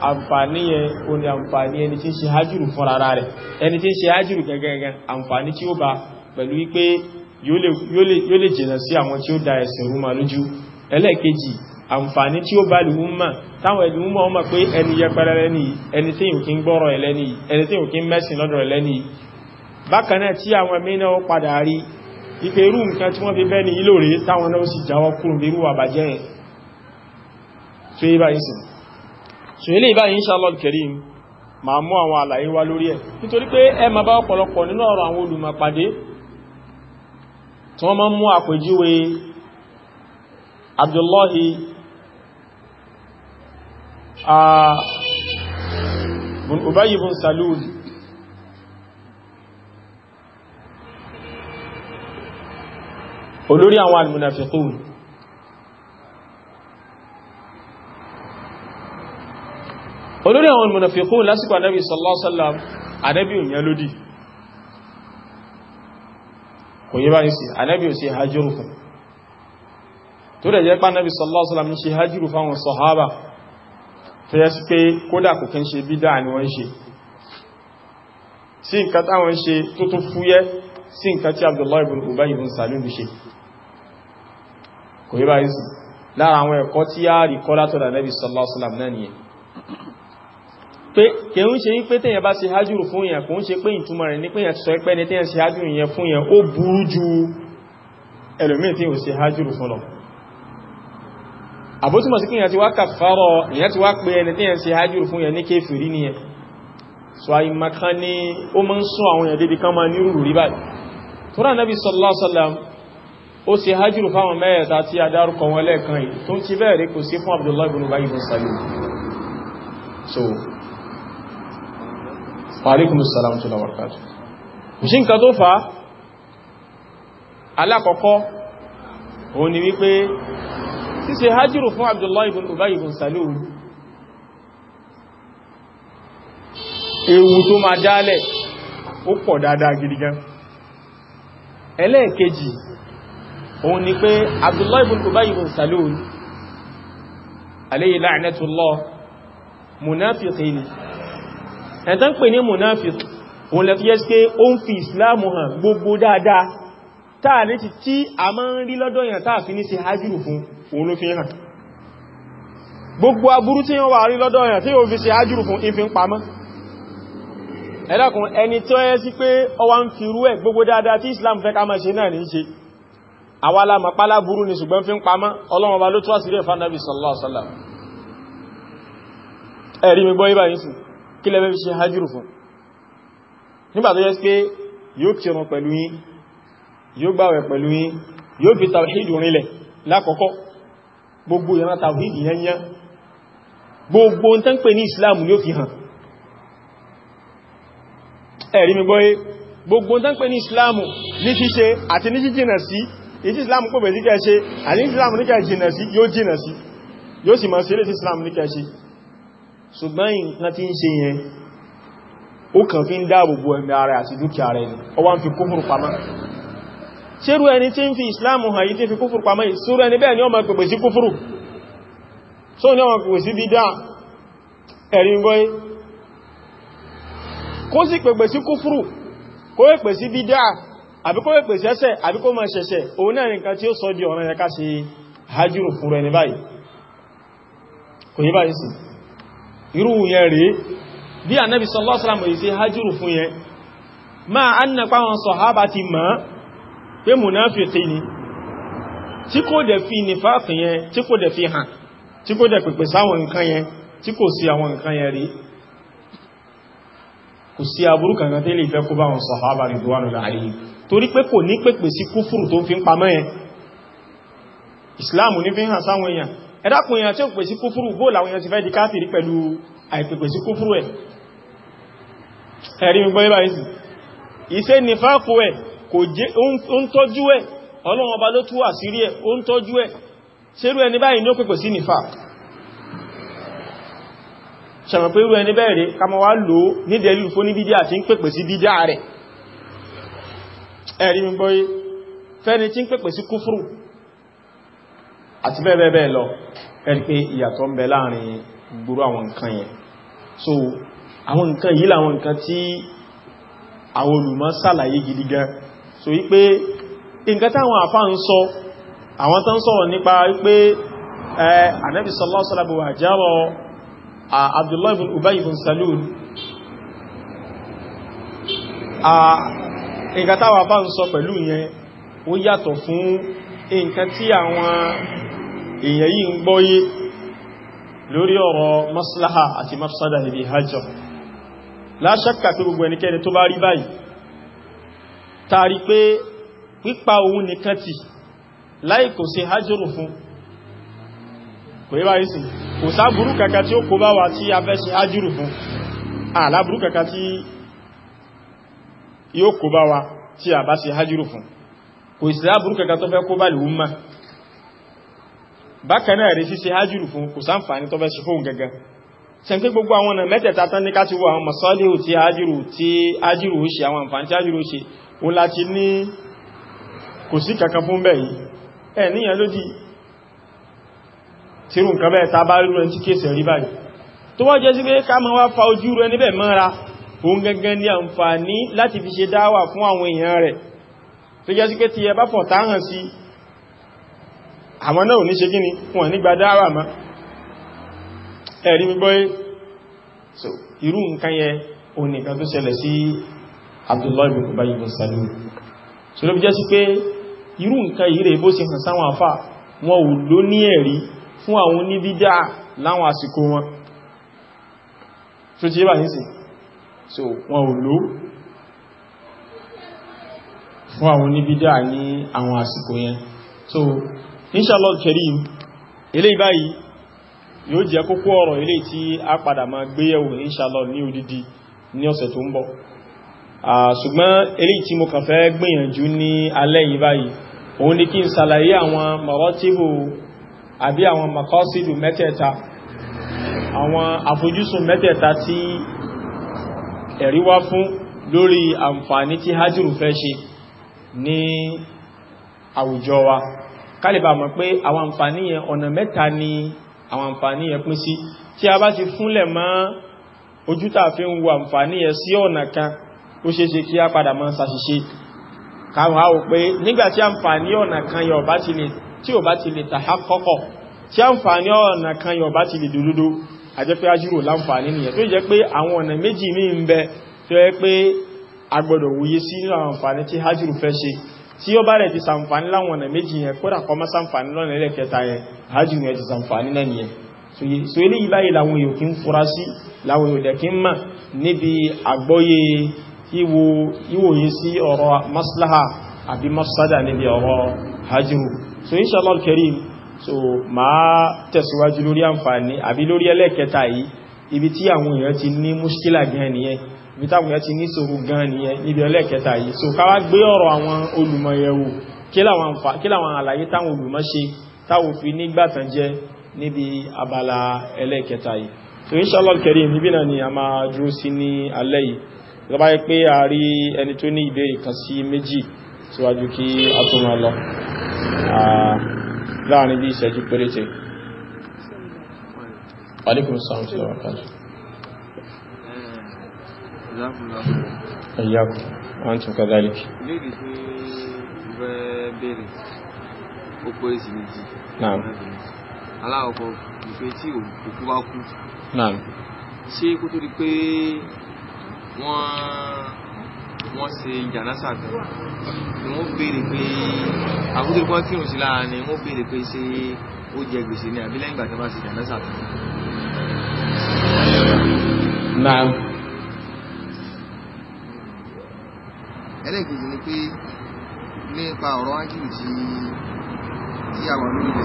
àǹfààní ẹni tí ń ṣe hajjúrù fún rárá rẹ̀ ẹni tí ń ṣe hajjúrù da ẹ̀sìn rú ma ẹlẹ́ẹ̀kejì àǹfààní tí ó bá lè mún mà táwọn ẹ̀lú mún ọmọ pé ẹni yẹpẹrẹ lẹ́ni ẹni tí yìí kí ń gbọ́rọ̀ ẹlẹ́ni ẹni tí yìí kí ń mẹ́sìn lọ́dọ̀ ẹlẹ́ni bákan náà tí àwọn mìíràn padà rí ipé nǹkan tí wọ́n fi bẹ́ni ilò rí táwọn náà kerim máa mú àwọn àlàyé wá lórí ẹ̀ nítorí pé ẹ máa bá Abdullahi Ubay ibn Salul olórí àwọn alìmùnàfikún olórí àwọn alìmùnàfikún lásìkò anábi sallallahu alaihi wasallam anábi òyìn lódì kò yí bá ní sí anábi ò sí hajjúrù fún tó rẹ̀ jẹ́ pá anábi sallallahu alaihi wasallam ní sí hajjúrù fáwọn sahaba tó yẹ sí pé kódà kò kí ń ṣe bídá ni wọ́n ń ṣe sí nǹkan táwọn ṣe tó tó fúyẹ́ sí nǹkan tí Abdullahi ibn Ubay ibn Salul ṣe kò yí báyìí sí lára àwọn ẹ̀kọ́ tí a rí kọ́ látọ̀dà Nabi sallallahu alaihi wasallam náà nìyẹn pé kẹun ṣe wípé tẹ́yàn bá ṣe hajjúrù fún yẹn kò ń ṣe pé ìtumọ̀ rẹ̀ ní pé yẹn sọ pé ní tẹ́yàn ṣe àbótúmọ̀ sí kíyàn ti wá kàfàrọ̀ ìyàn ti wá pé ẹni tí yàn sí hajjúrù fún yàn ní kéfèrí ni yẹn so a ìmọ̀kan ni ó mọ́ ń sún àwọn yàn débi kan ma ní rúrù rí báyìí tó rà nábi sallọ́sallam so alaikum salam tó lọ wàkàtù kò sí nǹkan tó alákọ̀ọ́kọ́ òun ni wípé ṣíṣe hajjúrù fún Abdullahi ibn Ubay ibn Salul ewu tó máa dálẹ̀ ó pọ̀ dáadáa gidigan ẹlẹ́ẹ̀kejì òun ni pé Abdullahi ibn Ubay ibn Salul alayhi la'natullah munafiki ni ẹ̀tàn pè ní munafiki òun lẹ́fíẹ́ sí pé ó ń fi ìsìláàmù hàn gbogbo dáadáa táà ní ti tí a máa ń rí lọ́dọ̀ èèyàn táà fi ní ṣe hajjúrù fún òun ló fi hàn gbogbo aburú tí wọ́n wà rí lọ́dọ̀ èèyàn tí yóò fi ṣe hajjúrù fún ìfin pamọ́ ẹ̀dàkùn ẹni tó ẹ́ sí pé ọwá ń fi rú ẹ̀ gbogbo dáadáa tí ni ṣùgbọ́n fi ń pamọ́ Ọlọ́run bá ló tó àṣírí ẹ̀fà nàbì sallallahu alaihi wasallam ẹ̀rí mi gbọ́ ibà yìí sí kí lẹ́bẹ̀ẹ́ fi ṣe hajjúrù fún nígbà tó yẹ sí pé yóò pẹ̀lú yín yóò gbàwẹ̀ pẹ̀lú yín yóò fi tàwíìdì rinlẹ̀ lákọ̀ọ́kọ́ gbogbo ìran tàwíìdì yẹnyẹ gbogbo ń tán pè ní islam yóò fi hàn ẹ̀rí mi gbọ́yé gbogbo ń tán pè ní islam ní ṣíṣe àti ní jíjìnà sí ìtí islam kò bẹ̀ síkẹ́ ṣe àti ní islam níkẹ́ jìnà sí yóò jìnà sí yóò sì mọ̀ sí ilé islam níkẹ́ ṣe ṣùgbọ́n nǹkan tí ń ṣe yẹn ó kàn fi ń dáàbò bo ẹ̀mí ara àti dúkìá rẹ̀ ni ọwá ń fi kúfùrù pamọ́ ṣérú ẹni tí ń fi ìsìláàmù hàn yìí tí fi kúfùrù pàmọ́ ìṣúrú ẹni bẹ́ẹ̀ ni ó máa sí kúfùrù so ni ó máa pèpè sí dídá ẹ̀rin gọ́í kó sì pèpè sí kúfùrù kó pèpè sí dídá àbí kó pèpè sẹ́sẹ̀ àbí kó máa ṣẹ̀ṣẹ̀ òun náà nìkan tí ó sọ di ọ̀ràn ẹ̀ká sí hajjúrù fúru ẹni báyìí sallallahu alaihi wasallam yìí sí hajjúrù fún yẹn máa annapa pé mùnáfíkí ni tí kò dẹ̀ fi nífàkì yẹn tí kò dẹ̀ fi hàn tí kò dẹ̀ pèpè sáwọn nǹkan yẹn tí kò sí àwọn nǹkan yẹn rí kò sí aburú kankan tí lè fẹ́ kó bá wọn sàhábà ridwanullahi alayhim torí pé kò ní pèpè sí kúfùrù tó fi ń pamọ́ yẹn ìsìláàmù ní fi hàn sáwọn èèyàn ẹ̀dàkùn èèyàn tí ó pèsí kúfúrú bó làwọn èèyàn ti fẹ́ di káfìrí pẹ̀lú àìpèpèsí kúfúrú ẹ̀ ẹ̀rí mi gbọ́ ibà ìsìn ìṣe nífàkù ẹ̀ kò jẹ́ ó ń tọ́jú ẹ̀ ọlọ́run ọba ló tú àṣírí ẹ̀ ó ń tọ́jú ẹ̀ ṣerú ẹni báyìí ní ó pèpè sí nìfà ṣàmọ̀ pé irú ẹni bẹ́ẹ̀rẹ̀ kama wá lò ní dẹ̀lú fún ní bídíà tí ń pèpè sí bídíà rẹ̀ àwọn nǹkan so àwọn nǹkan yìí làwọn nǹkan tí àwọn olùmọ̀ sàlàyé gidi gan so wípé nǹkan táwọn àfá ń sọ àwọn tán sọ̀rọ̀ nípa wípé ànábì sallallahu alaihi wasallam àjárọ̀ Abdullah ibn Ubay ibn Salul nǹkan táwọn àfá ń sọ pẹ̀lú yẹn ó yàtọ̀ fún nǹkan tí àwọn èèyàn yìí ń gbọ́yé lórí ọ̀rọ̀ maslaha àti mafsada ibi hajjọ la shakka gbogbo ẹnikẹ́ni tó bá rí báyìí tàrí pé pípa òun nìkan tì láì kò ṣe hajjúrù fún kò yíwá ìsìn kò sáàbùrú kaka tí ó kó bá wà tí a fẹ́ se hajjúrù fún àlábùrú kankan tí yóò kó bá wa tí a bá se hajjúrù fún kò ìsìláàbùrú kankan tó fẹ́ kó bá lè wúmá bákan rí sí se hajjúrù fún kò sáǹfààní tó fẹ́ fóun gbogbo àwọn ọ̀nà mẹ́tẹ̀ẹ̀ta ti wo àwọn mọ̀sọ́lẹ̀ òun láti ní kò sí kankan fún bẹ́yìí ẹ̀ níyàn lódí tírù nǹkan bẹ́ẹ̀ ta bá rú ẹni tí kéèsẹ̀ rí báyìí tó wọ́n jẹ́ sí pé ká máa wá fa ojú rẹ níbẹ̀ mọ́ra òun gangan ní àǹfààní láti fi ṣe dáwà fún àwọn èèyàn rẹ̀ tó jẹ́ sí pé tí ẹ fọ̀ táhàn sí àwọn náà ò ní ṣe Abdullahi bin Ubayy bin Salul so ló bí jẹ́ sí pé irú nǹkan yìí rẹ̀ bó ṣe hàn sáwọn àfà wọn ò ló ní ẹ̀rí fún àwọn oníbídá láwọn àsìkò wọn tó ti yíba ní sí so wọn ò ló fún àwọn oníbídá ní àwọn àsìkò yẹn so inshallah kerim ilé ìbáyìí yóò jẹ́ kókó ọ̀rọ̀ ilé tí a padà máa gbéyẹ̀wò inshallah ní odidi ní ọ̀sẹ̀ tó ń bọ̀ ṣùgbọ́n eléyìí tí mo kàn fẹ́ gbìyànjú ní alẹ́ yìí báyìí òun ni kí n ṣàlàyé àwọn mọ̀rọ́tíbù àbí àwọn makọ́sídù mẹ́tẹ̀ẹ̀ta àwọn àfojúsùn mẹ́tẹ̀ẹ̀ta tí ẹ̀rí wá fún lórí àǹfààní tí hajjúrù fẹ́ ṣe ní àwùjọ wa kálìbà mọ̀ pé àwọn àǹfààní yẹn ọ̀nà mẹ́ta ni àwọn àǹfààní yẹn pín sí tí a bá ti fúnlẹ̀ mọ́ ojútàfin wo àǹfààní yẹn sí ọ̀nà kan ó ṣeéṣe kí á padà máa ṣàṣìṣe káwọn á wò pé nígbàtí àǹfààní ọ̀nà kan yọ bá ti lè tí ò bá ti lè tàhá kọ́kọ̀ tí àǹfààní ọ̀nà kan yọ bá ti lè dòdòdó a jẹ́ pé ajúrò láǹfààní nìyẹn tó jẹ́ pé àwọn ọ̀nà méjì míì ń bẹ tó yẹ pé a gbọ́dọ̀ wòye sí nínú àwọn àǹfààní tí hajjúrù fẹ́ ṣe tí ó bá rẹ̀ ti sàǹfààní láwọn ọ̀nà méjì yẹn kódà kọ́ máa sàǹfààní lọ́nà ẹlẹ́kẹta yẹn hajjúrù yẹn ti sàǹfààní náà nìyẹn so eléyìí báyìí làwọn èèyàn kì ń fura sí làwọn èèyàn dẹ̀ kì ń mà níbi àgbọ́yé ìwòye sí ọ̀rọ̀ maslaha àbí mafsada níbi ọ̀rọ̀ hajjúrù so inshallah al-karim so ma tẹ̀síwájú lórí àǹfààní àbí lórí ẹlẹ́kẹta yìí ibi tí àwọn èèyàn ti ní mushkila gan nìyẹn ibi táwọn èèyàn níbi abala ẹlẹ́kẹta yìí so inshallah al níbi náà ni a máa dúró sí ní alẹ́ yìí lọ́bá yẹ pé a rí ẹni tó ní ìbéèrè kan sí méjì síwájú kí a tó máa lọ láàrin bí ìṣẹ́jú péréte alaikum salaam sí ìfẹ́ tí òkú bá kú ṣe kó tó di pé wọ́n wọ́n ṣe jànásà kan ni wọ́n béèrè pé àkótó kan tí òun sí lára ni wọ́n béèrè pé ṣé ó jẹ gbèsè ni àbí lẹ́yìn ìgbà tí wọ́n bá ṣe jànásà kan. Naam. Ẹlẹ́kejì ni pé nípa ọ̀rọ̀ ángìlì tí tí àwọn olóògbé yìí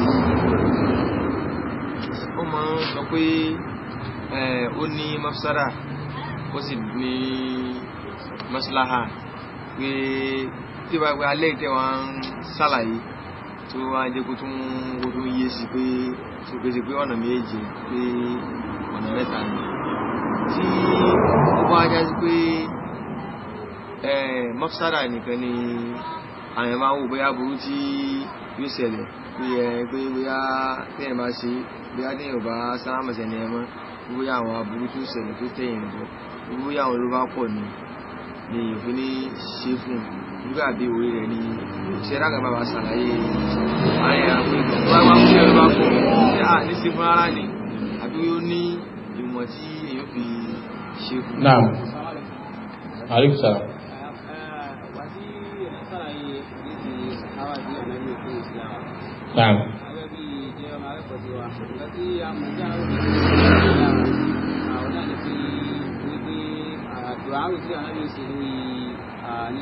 ó máa ń sọ pé ó ní mafsara ó sì ní mọ́síláhà pé tí wọ́n pẹ́ alẹ́ ìtẹ́ wọn ṣàlàyé tó wá jẹ́ kó tún kó tún yé sí pé tó pèsè pé ọ̀nà méje pé ọ̀nà mẹ́ta ni tí ó bá já sí pé mọ́sálà nìkan ni àwọn máa ń wò bóyá burú tí yóò ṣẹlẹ̀ pé ẹ pé bóyá téèyàn bá ṣe bóyá téèyàn bá sálámọ̀sẹ̀ ni ẹ mọ́ bóyá àwọn aburú tó ṣẹlẹ̀ tó tẹ̀yìn bọ́ irú àwọn ló bá pọ̀ ni ni òfin ní ṣe fún nígbà bí orí rẹ̀ ni ṣe rága bàbá ṣàlàyé ààrẹ àwọn ìgbà tó bá mú ẹ̀rọ bá pọ̀ ṣe à ní ṣe fún ara ni àbí ó ní ìmọ̀ tí èyàn fi ṣe fún. Naam, àríkùsà. Naam. Naam. tààrù tí àwọn ẹbí ṣe lórí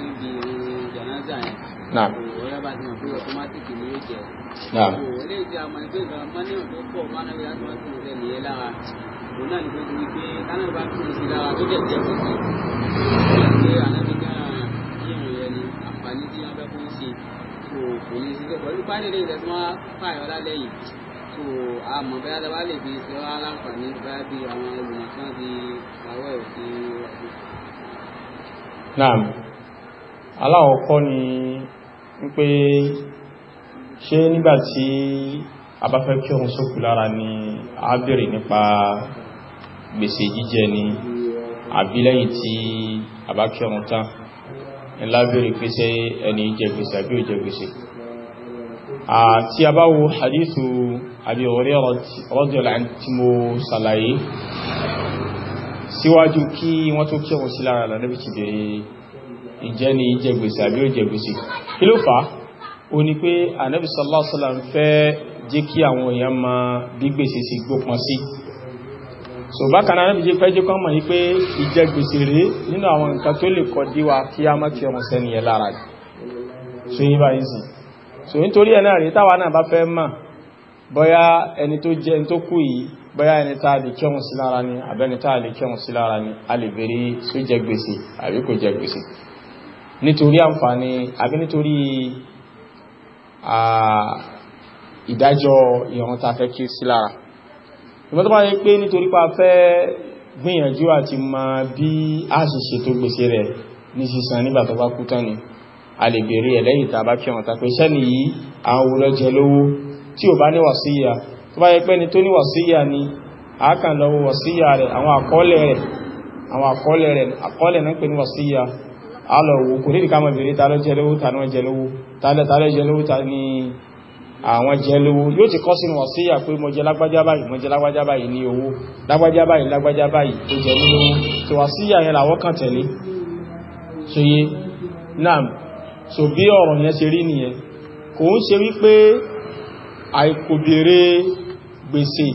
níbi ìrìn jànáza yẹn. náà ọ̀rẹ́ bá ti mọ̀ pé ọ̀tọ́mátìkì ni yóò jẹ́. náà ilé ìdí àmọ́ ìgbé ìgbà mọ́níyàn tó pọ̀ máa náwó yàtọ̀ wọ́n ti rẹ̀ nìyẹn lára. òun náà ni pé ti wípé kánàlì bá tún sí lára tó jẹ̀ jẹ́ kọ̀ọ̀kan. wọ́n ti ànábi náà kí ìrìn yẹn ni àǹfààní tí wọ́n fẹ́ kó ń ṣe. kò kò ní sí pẹ̀lú pálí so àmọ́ bẹ́ẹ̀ dábàá lè fi ṣe wá láǹfààní bá bí àwọn olùmọ̀tán di naam aláwọ̀kọ́ ni wípé ṣe nígbàtí a bá fẹ́ kí ohun sókù lára ni a bèèrè nípa gbèsè jíjẹ ni àbí lẹ́yìn tí a bá kí ohun tán ńlá bèèrè pèsè ẹni jẹ gbèsè àbí ò jẹ gbèsè àti a bá wo hadithu Abi Hurairah radiyallahu anhu tí síwájú kí wọ́n tó kí ọ̀hún sí lára lọ́nàbí ti dé ìjẹ́ ni ìjẹgbèsè àbí òjẹgbèsè kí ló fà á o ní pé ànábì ń fẹ́ jẹ́ kí àwọn èèyàn ma bí sí gbópọn sí so bákan náà bí jẹ́ pé jẹ́ kọ́ mọ̀ ní pé ìjẹgbèsè rèé nínú àwọn nǹkan tó lè kí so yí báyìí so nítorí ẹ̀ náà rí táwa náà bá fẹ́ mọ̀ bóyá ẹni tá a lè kírun sí lára ni àbẹ́ni tá a lè kírun sí lára ni a lè bèèrè sí jẹ gbèsè àbí kò jẹ gbèsè nítorí àǹfààní àbí nítorí ìdájọ́ ìrun fẹ́ kí sí lára ìmọ́ yẹ pé nítorí pa fẹ́ gbìyànjú àti mọ bí a ṣe gbèsè rẹ̀ ní sísan nígbà tó bá kú tán ni a lè bèèrè ẹ̀lẹ́yìn tá a bá kírun tá pé sẹ́ni yìí àwọn olójẹ lówó tí ò bá ní wàsíyà bá yẹ pé ni tó ní wàsíyà ni àákàn lọ́wọ́ wàsíyà rẹ̀ àwọn àkọọ́lẹ̀ rẹ̀ àwọn àkọọ́lẹ̀ rẹ̀ àkọọ́lẹ̀ náà pè ní wàsíyà alọ̀wò kò ní ìkàmọ̀ ìbèrè tààlọ́ jẹ́lówó tààlọ́ jẹ́lówó tààlọ́ jẹlówó ní àwọn yóò ti kọ́ sínú wàsíyà pé mo jẹ gbèsè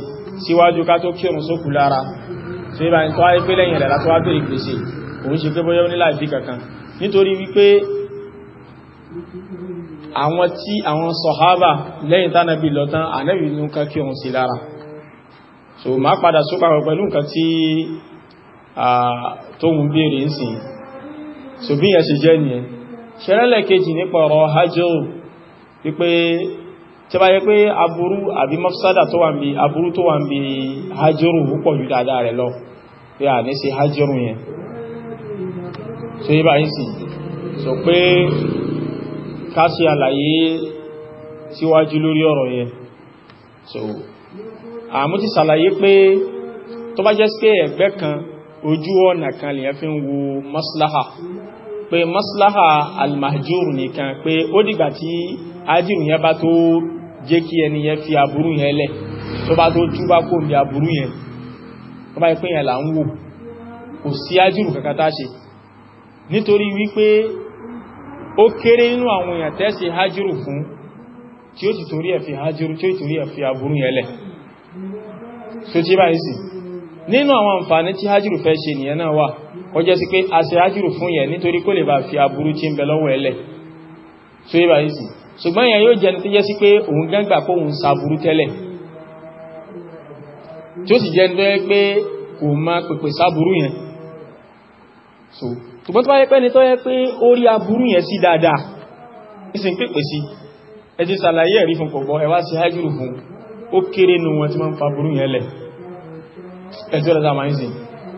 síwájú ká tó kírun sókù lára tó yíba ní tó wáyé pé lẹ́yìn rẹ̀ látọ́wá bèèrè gbèsè òun ṣe pé bóyá ó ní láìbí kankan nítorí wípé àwọn tí àwọn sọ̀hábà lẹ́yìn tánàbí lọ́tán ànẹ́bì ní ká kírun sí lára so ma padà sópa pẹ̀lú nǹkan tí tóhun bèèrè ń sìn so bí yẹn ṣe jẹ́ nìyẹn ṣẹlẹ́lẹ̀ kejì nípa ọ̀rọ̀ hajjọ́ tí bá yẹ pé aburú àbí mafsada tó wà ń bí aburú tó wà ń bí hajjuru púpọ̀ jù dáadáa rẹ̀ lọ pé à ní sí hajjuru yẹn tó yí bá yí sí sọ pé ká ṣe àlàyé síwájú lórí ọ̀rọ̀ yẹn so àmú ti sàlàyé pé tó bá jẹ́ sí ẹgbẹ́ kan ojú ọ̀nà kan lè fi ń wo maslaha pé maslaha al-mahjur nìkan pé ó dìgbà tí ájìrù yẹn bá tó jẹ́ kí ẹni yẹn fi aburú yẹn lẹ̀ tó bá tó túbá kó mi aburú yẹn tó bá ipé yẹn là ń wò kò sí ájìrù kankan ṣe nítorí wípé ó kéré nínú àwọn èèyàn tẹ́sí fún tí ó ti torí ẹ̀ fi ájìrù tí ó ti torí ẹ̀ fi aburú yẹn lẹ̀ tó tí báyìí sí nínú àwọn àǹfààní tí fẹ́ ṣe nìyẹn náà fún yẹn nítorí kó lè bá fi aburú tí ń bẹ lọ́wọ́ tó ṣùgbọ́n èèyàn yóò jẹni tó jẹ́ sí pé òun gángbà kó òun sàbúrú tẹ́lẹ̀ tí ó sì jẹ́ tó yẹ pé kò máa pèpè sàbúrú yẹn so ṣùgbọ́n tó bá yẹ pé ni tó yẹ pé ó rí aburú yẹn sí dáadáa ìsìn pèpè sí ẹ sàlàyé ẹ̀rí fún pọ̀gbọ́ ẹ sí hájúrù fún ó kéré nu wọn tí wọ́n ń fa aburú yẹn lẹ̀ ẹjọ́ rẹ̀ máa ń sìn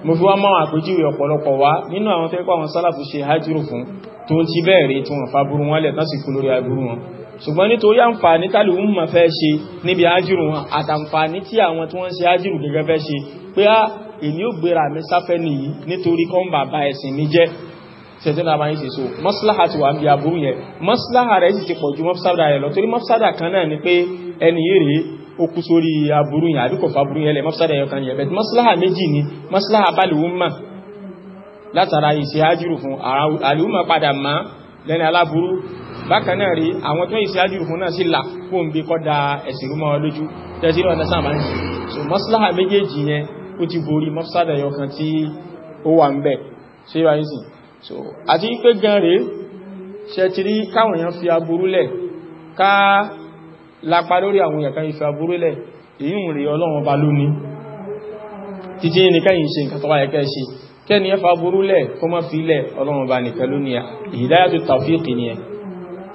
mo fi wá máa àpèjúwe ọ̀pọ̀lọpọ̀ wá nínú àwọn tẹ́kọ̀ àwọn sálàfù ṣe hajjúrù fún tó ń ti bẹ́ẹ̀rẹ̀ tí wọ́n fàbúrú wọn lẹ̀ tán sì kú lórí agbúrú wọn ṣùgbọ́n nítorí àǹfààní tàbí wọ́n mọ̀ fẹ́ ṣe níbi hajjúrù wọn àtàǹfààní tí àwọn tí wọ́n ṣe hajjúrù gẹ́gẹ́ fẹ́ ṣe pé á èmi ò gbéra mi sáfẹ́ nìyí nítorí kọ́ ń bàbá ẹ̀sìn mi jẹ́ sẹ̀tẹ́nà àbáyé sì so mọ́síláhà ti wà ń bi aburú yẹn mọ́síláhà rẹ̀ sì ti pọ̀ ju mọ́sádà yẹn lọ torí mọ́sádà kan náà ni pé ẹni yìí rèé ó kú sórí aburú yẹn àbí kò fa aburú yẹn lẹ̀ mọ́sálà ẹ̀yọ kan yẹn bẹ̀t mọ́sálà méjì ni mọ́sálà abálùú mà látara ìṣe ájúrù fún àlùmọ̀ padà má lẹ́ni aláburú bákan náà rí àwọn tó ìṣe ájúrù fún náà sí là kó ń bí kọ́ da ẹ̀sìn rúmọ́ lójú tẹ́sí lọ́nà sáàmà ń sọ mọ́sálà méjèèjì yẹn ó ti borí mọ́sálà ẹ̀yọ kan tí ó wà ń bẹ̀ ṣe wá lápá lórí àwọn èèyàn kan ìfẹ́ burúlẹ̀ èyí ń rí ọlọ́run ọba lónìí títí nìkan yìí ṣe nǹkan tó wáyé kẹ́ ṣe kẹ́ni ẹ̀fà burúlẹ̀ kó má fi ilẹ̀ ọlọ́run ọba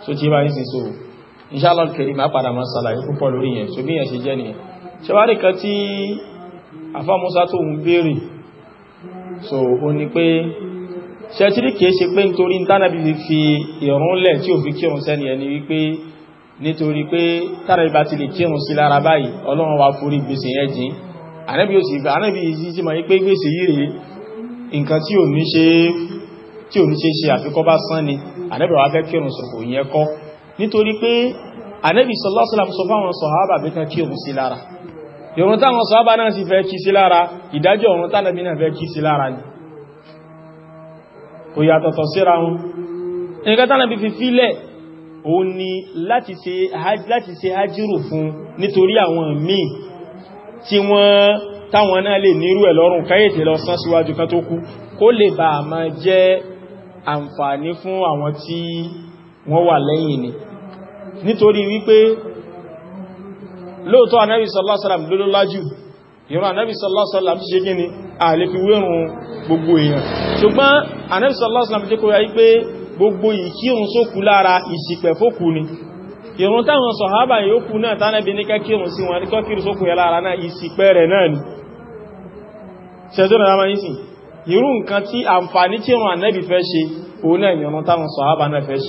so tí bá ń sin so inshallah kẹrì máa so bí yẹn ṣe jẹ́ nìyẹn ṣẹwárí kan tí so o ní pé ṣẹ́tírí kìí ṣe pé nítorí ìtànàbí fi ìrún lẹ̀ tí ò fi kírun sẹ́ni ẹni wípé nítorí pé tára ìbá ti lè kírun sí lára báyìí ọlọ́run wa forí gbèsè yẹn jìn ànábì ò sì gbà ànábì yìí ti mọ̀ pé gbèsè yìí rèé nǹkan tí ò ní ṣe tí ò ní ṣe ṣe àfikọ́ bá sán ni ànábì wa fẹ́ kírun sọ̀kò yẹn kọ́ nítorí pé ànábì sọlọ́sọlá sọ fáwọn sọ̀hábà bí kan kírun sí lára òun ni láti ṣe hajjúrù fún nítorí àwọn míì tí wọ́n táwọn náà lè nírú ẹ̀ lọ́rùn káyètè lọ sán síwájú kan tó kú kó lè bá a máa jẹ́ àǹfààní fún àwọn tí wọ́n wà lẹ́yìn ni nítorí wípé lóòtọ́ anábì sallallahu alaihi wasallam lóló lájú ìran anábì sallallahu alaihi wasallam gbogbo ìkírun sókú lára ìṣìpẹ̀ fókú ni ìrun táwọn sọ̀hábà yòókù náà tánàbí ní kẹ́kírun sí wọn kọ́ kírun sókú yẹ lára náà ìṣìpẹ̀ rẹ̀ náà ni ṣẹ́jọ́nà lámà nísìn irú nǹkan tí àǹfààní tí ìrun ànẹ́bì fẹ́ ṣe òun náà ni ìrun táwọn sọ̀hábà náà fẹ́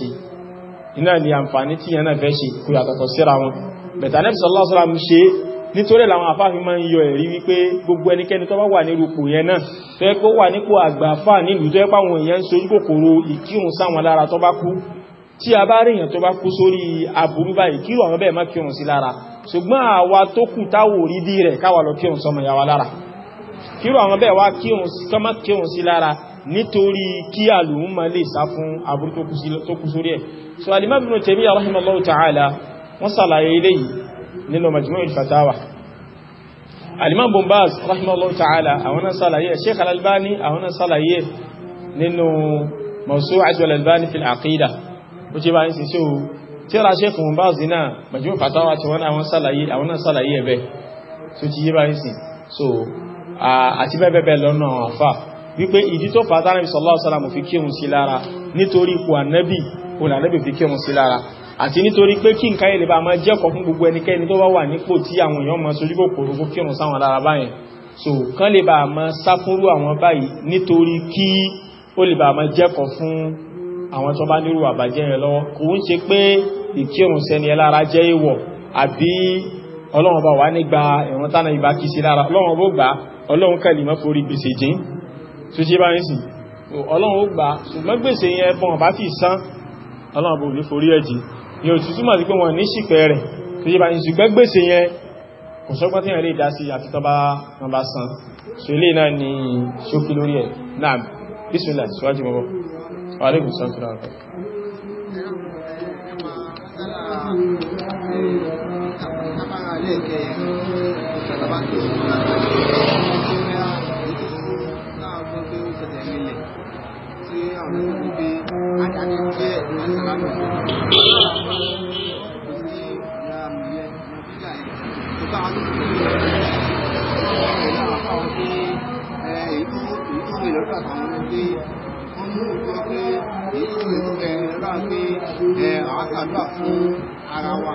ṣe nítorí làwọn àfáàfi máa ń yọ ẹ̀rí wípé gbogbo ẹnikẹ́ni tó bá wà ní rúpò yẹn náà tó ẹ́ pé wà nípò àgbàfà nílùú tó ẹ́ pàwọn èèyàn ń sojú kòkòrò ìkírun sáwọn lára tó bá kú tí a bá ríyàn tó bá kú sórí aburú báyìí kírù àwọn bẹ́ẹ̀ má kírun sí lára ṣùgbọ́n àwa tó kù táwò rí ta'ala wọ́n sàlàyé nínú majmu' al-fatawa alimam bombaz rahimahullahu ta'ala àwọn sàlàyé sheikh al-albani àwọn sàlàyé nínú mawsu'at al-albani fil aqida ó ti bá ń sin sí o tíra sheikh bombaz náà majmu' fatawa ti wọ́n àwọn sàlàyé àwọn sàlàyé ẹ̀bẹ̀ tó ti yé bá ń sin so àti bẹ́ẹ̀bẹ́ẹ̀ lọ́nà àwọn àfà wípé ìdí tó fàtàrà sallallahu àti nítorí pé kí nǹkan ilẹ̀ bá máa jẹ́kọ̀ fún gbogbo ẹnikẹ́ni tó bá wà nípò tí àwọn èèyàn máa sojú kòkòrò kó kírun sáwọn lára báyẹn so kán lè bá máa sáfúrú àwọn báyìí nítorí kí ó lè bá máa jẹ́kọ̀ fún àwọn tó bá nírú àbàjẹ́ rẹ̀ lọ́wọ́ kò ń ṣe pé ìkírun sẹ́ni ẹ lára jẹ́ èèwọ̀ àbí ọlọ́run bá wà nígbà ìran tánà ìbá kìí sí lára ọlọ́run bó gbà ọlọ́run kẹ́lì yóò sì túmọ̀ sí pé wọ́n ní ṣìpẹ̀ rẹ̀ tó yíba ní ṣùgbẹ́ gbèsè yẹn kò sọ́gbọ́n tí yẹn lè dá sí àfi tán bá san ṣe lè náà ní ṣókí lórí ẹ̀ náà bísmìlá síwájú mọ́bọ̀ wàlékùn sọ́kúrò àpẹ́ Tí àwọn ọmọ ìgbé kákàdúrà fún ara wa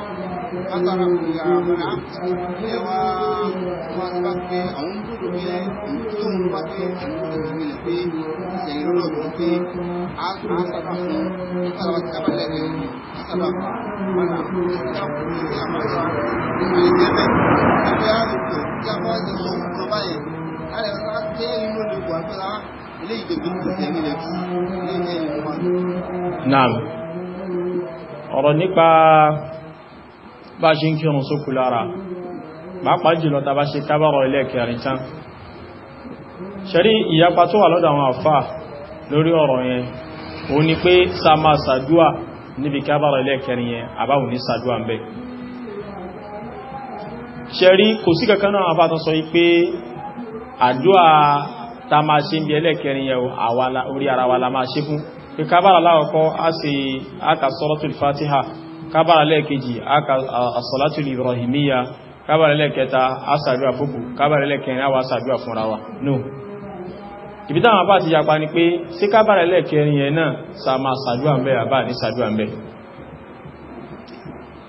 látara ìrà àmàrà ilẹ̀ wa wá sí bá pé àwọn dúdú pé òun bá pé àwọn dúdú ti pé ìṣẹ̀lẹ̀ lọ́dọ̀ tó pé a tó ń sábà fún látara wa ti sábà lẹ́rẹ̀ látara padà ìjà òkú ní àmàrà nínú ilé bẹ́ẹ̀ ẹgbẹ́ àrùkọ tí a bá ti sọ ọmọ báyẹn láti ẹ̀ka tẹ́ inú olùkọ́ àgbẹ̀rá ilé ìdògbò ìgbésẹ̀ nílẹ̀ fún ilé ìjẹ́ ìwọ̀n ọ̀rọ̀ nípa bá ṣe ń kírun sókù lára pàápàá jùlọ tàbá ṣe kábàrọ̀ ilẹ̀ kẹrin tán ṣẹ́rí ìyapa tó wà lọ́dọ̀ àwọn àfà lórí ọ̀rọ̀ yẹn ó ní pé sa máa sàdúà níbi kábàrọ̀ ilẹ̀ kẹrin yẹn àbáwùn ní sàdúà ń bẹ ṣẹ́rí kò sí pé kábàrà láwọ̀kọ́ a ṣe aka sọ́lọ́tù fatiha kábàrà lẹ́ẹ̀kejì aka asọ́látù ibrahimiyya kábàrà lẹ́ẹ̀kẹta a sàdúwà fúgbù kábàrà lẹ́ẹ̀kẹrin a wá sàdúwà fúnra wa no ibi táwọn bá ti yapa ni pé sí kábàrà lẹ́ẹ̀kẹrin yẹn náà sa ma sàdúwà ń bẹ́ àbá ní sàdúwà ń bẹ́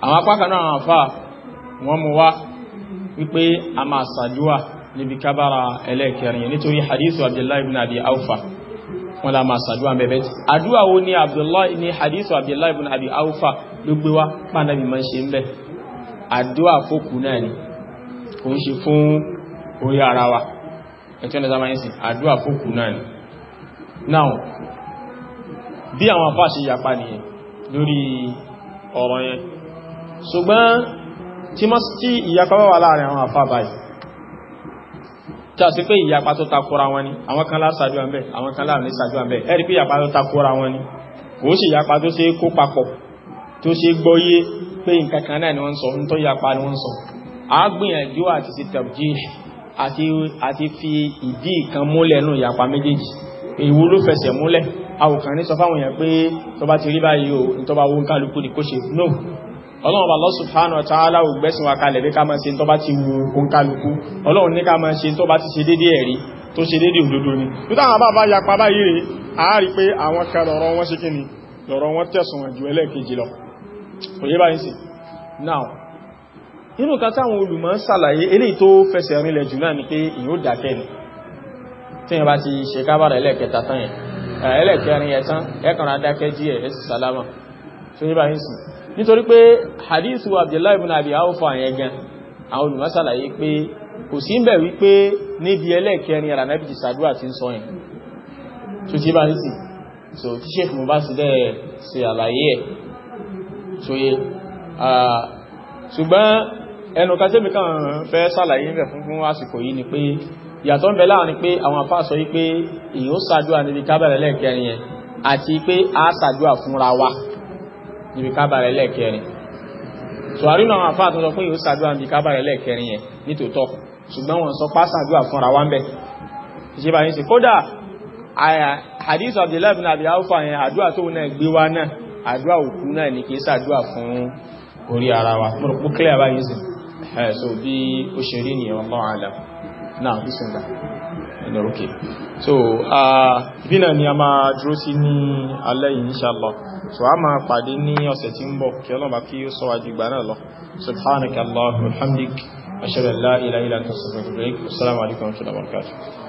àwọn apákanú àwọn àfà wọ́n mú wá wípé aufa wọn la máa sàdúrà bẹ̀bẹ̀ àdúrà wo ni abdullahi ni hadith abdullahi ibn abi awfa ló gbé wá pàdánù máa ń ṣe ń bẹ̀ àdúrà fòkù náà ni kò ń ṣe fún orí ara wa ẹ̀tọ́ ẹ̀dá máa ń sìn àdúrà fòkù náà ni now bí àwọn afá ṣe yapa nìyẹn lórí ọ̀rọ̀ yẹn ṣùgbọ́n tí ìyapa wà láàrin àwọn afá báyìí tí a sì pé ìyapa tó takora wọn ni àwọn kan lá ṣàdúrà ń bẹ àwọn kan láàrin ṣàdúrà ń bẹ ẹ̀rí pé ìyapa tó takora wọn ni kò sí ìyapa tó ṣe kó papọ̀ tó ṣe gbọ́yé pé nǹkan kan náà ni wọ́n ń sọ nítorí ìyapa ni wọ́n ń sọ a gbìyànjú àti ṣe tẹ̀bùjì àti àti fi ìdí kan múlẹ̀ nù ìyapa méjèèjì èwo fẹsẹ̀ múlẹ̀ a ò sọ fáwọn èèyàn pé tó ti rí báyìí o tó bá wọ́n ni kó ṣe no ọlọ́run Allah subhanahu wa ta'ala ò gbẹ́sìn wa kalẹ̀ bí ká máa ṣe tó bá ti wu òǹkàlùkù ọlọ́run ní ká máa ṣe tó bá ti ṣe dédé ẹ̀rí tó ṣe dédé òdodo ni now nínú kan táwọn olùmọ̀ ń ṣàlàyé eléyìí ni pé ìyó dàkẹ́ ni tí wọ́n bá ti ṣe kábàrà ẹlẹ́ẹ̀kẹta tán yẹn ẹlẹ́ẹ̀kẹrin yẹn ẹ̀kànrà dákẹ́ díẹ̀ ẹ̀sì sálámà ṣe yíba yìí sí nítorí pé hadithu abdullahi ibn abi awfa yẹn gan àwọn olùmọ́sàlàyé pé kò sí ń bẹ̀ wípé níbi ẹlẹ́ẹ̀kẹrin ara mẹ́bìtì sàdúrà ti ń sọ yẹn tó ti yíba yìí sí so tí ṣe fún bá sí dẹ́ ṣe àlàyé ẹ̀ tó yé ṣùgbọ́n ẹnu kásẹ́mì kan fẹ́ sàlàyé ń bẹ̀ fún fún àsìkò yìí ni pé ìyàtọ̀ ń bẹ láàrin pé àwọn afá sọ wípé èyí ó sàdúrà níbi kábẹ̀rẹ̀ lẹ́ẹ̀kẹrin yẹn àti pé a sàdúrà fúnra wa níbi kábàrẹ̀ lẹ́ẹ̀kẹrin sọ̀rí náà wà fáà tó sọ pé yóò ṣàdúrà níbi kábàrẹ̀ lẹ́ẹ̀kẹrin yẹn nítòótọ́ ṣùgbọ́n wọn sọ pásàdúrà fúnra wá ń bẹ̀ ìṣẹ́bà yìí sí kódà hadith Abdullahi bin Abi Awfa yẹn àdúrà tó náà gbé wá náà àdúrà òkú náà ní kìí ṣàdúrà fún orí ara wa mọ̀rọ̀pọ̀ clear báyìí sí ẹ̀ so bí ó ṣe rí nìyẹn wallahu alam náà bí sùn náà ẹ̀nà òkè so uh, ibi náà ni a máa dúró sí ní alẹ́ yìí inshallah so a máa pàdé ní ọ̀sẹ̀ tí ń bọ̀ kí ọlọ́mà kí ó sọ́wájú ìgbà náà lọ subhanakallahumma wa bihamdik ashhadu an la ilaha illa alaikum wa rahmatullahi wa barakatuh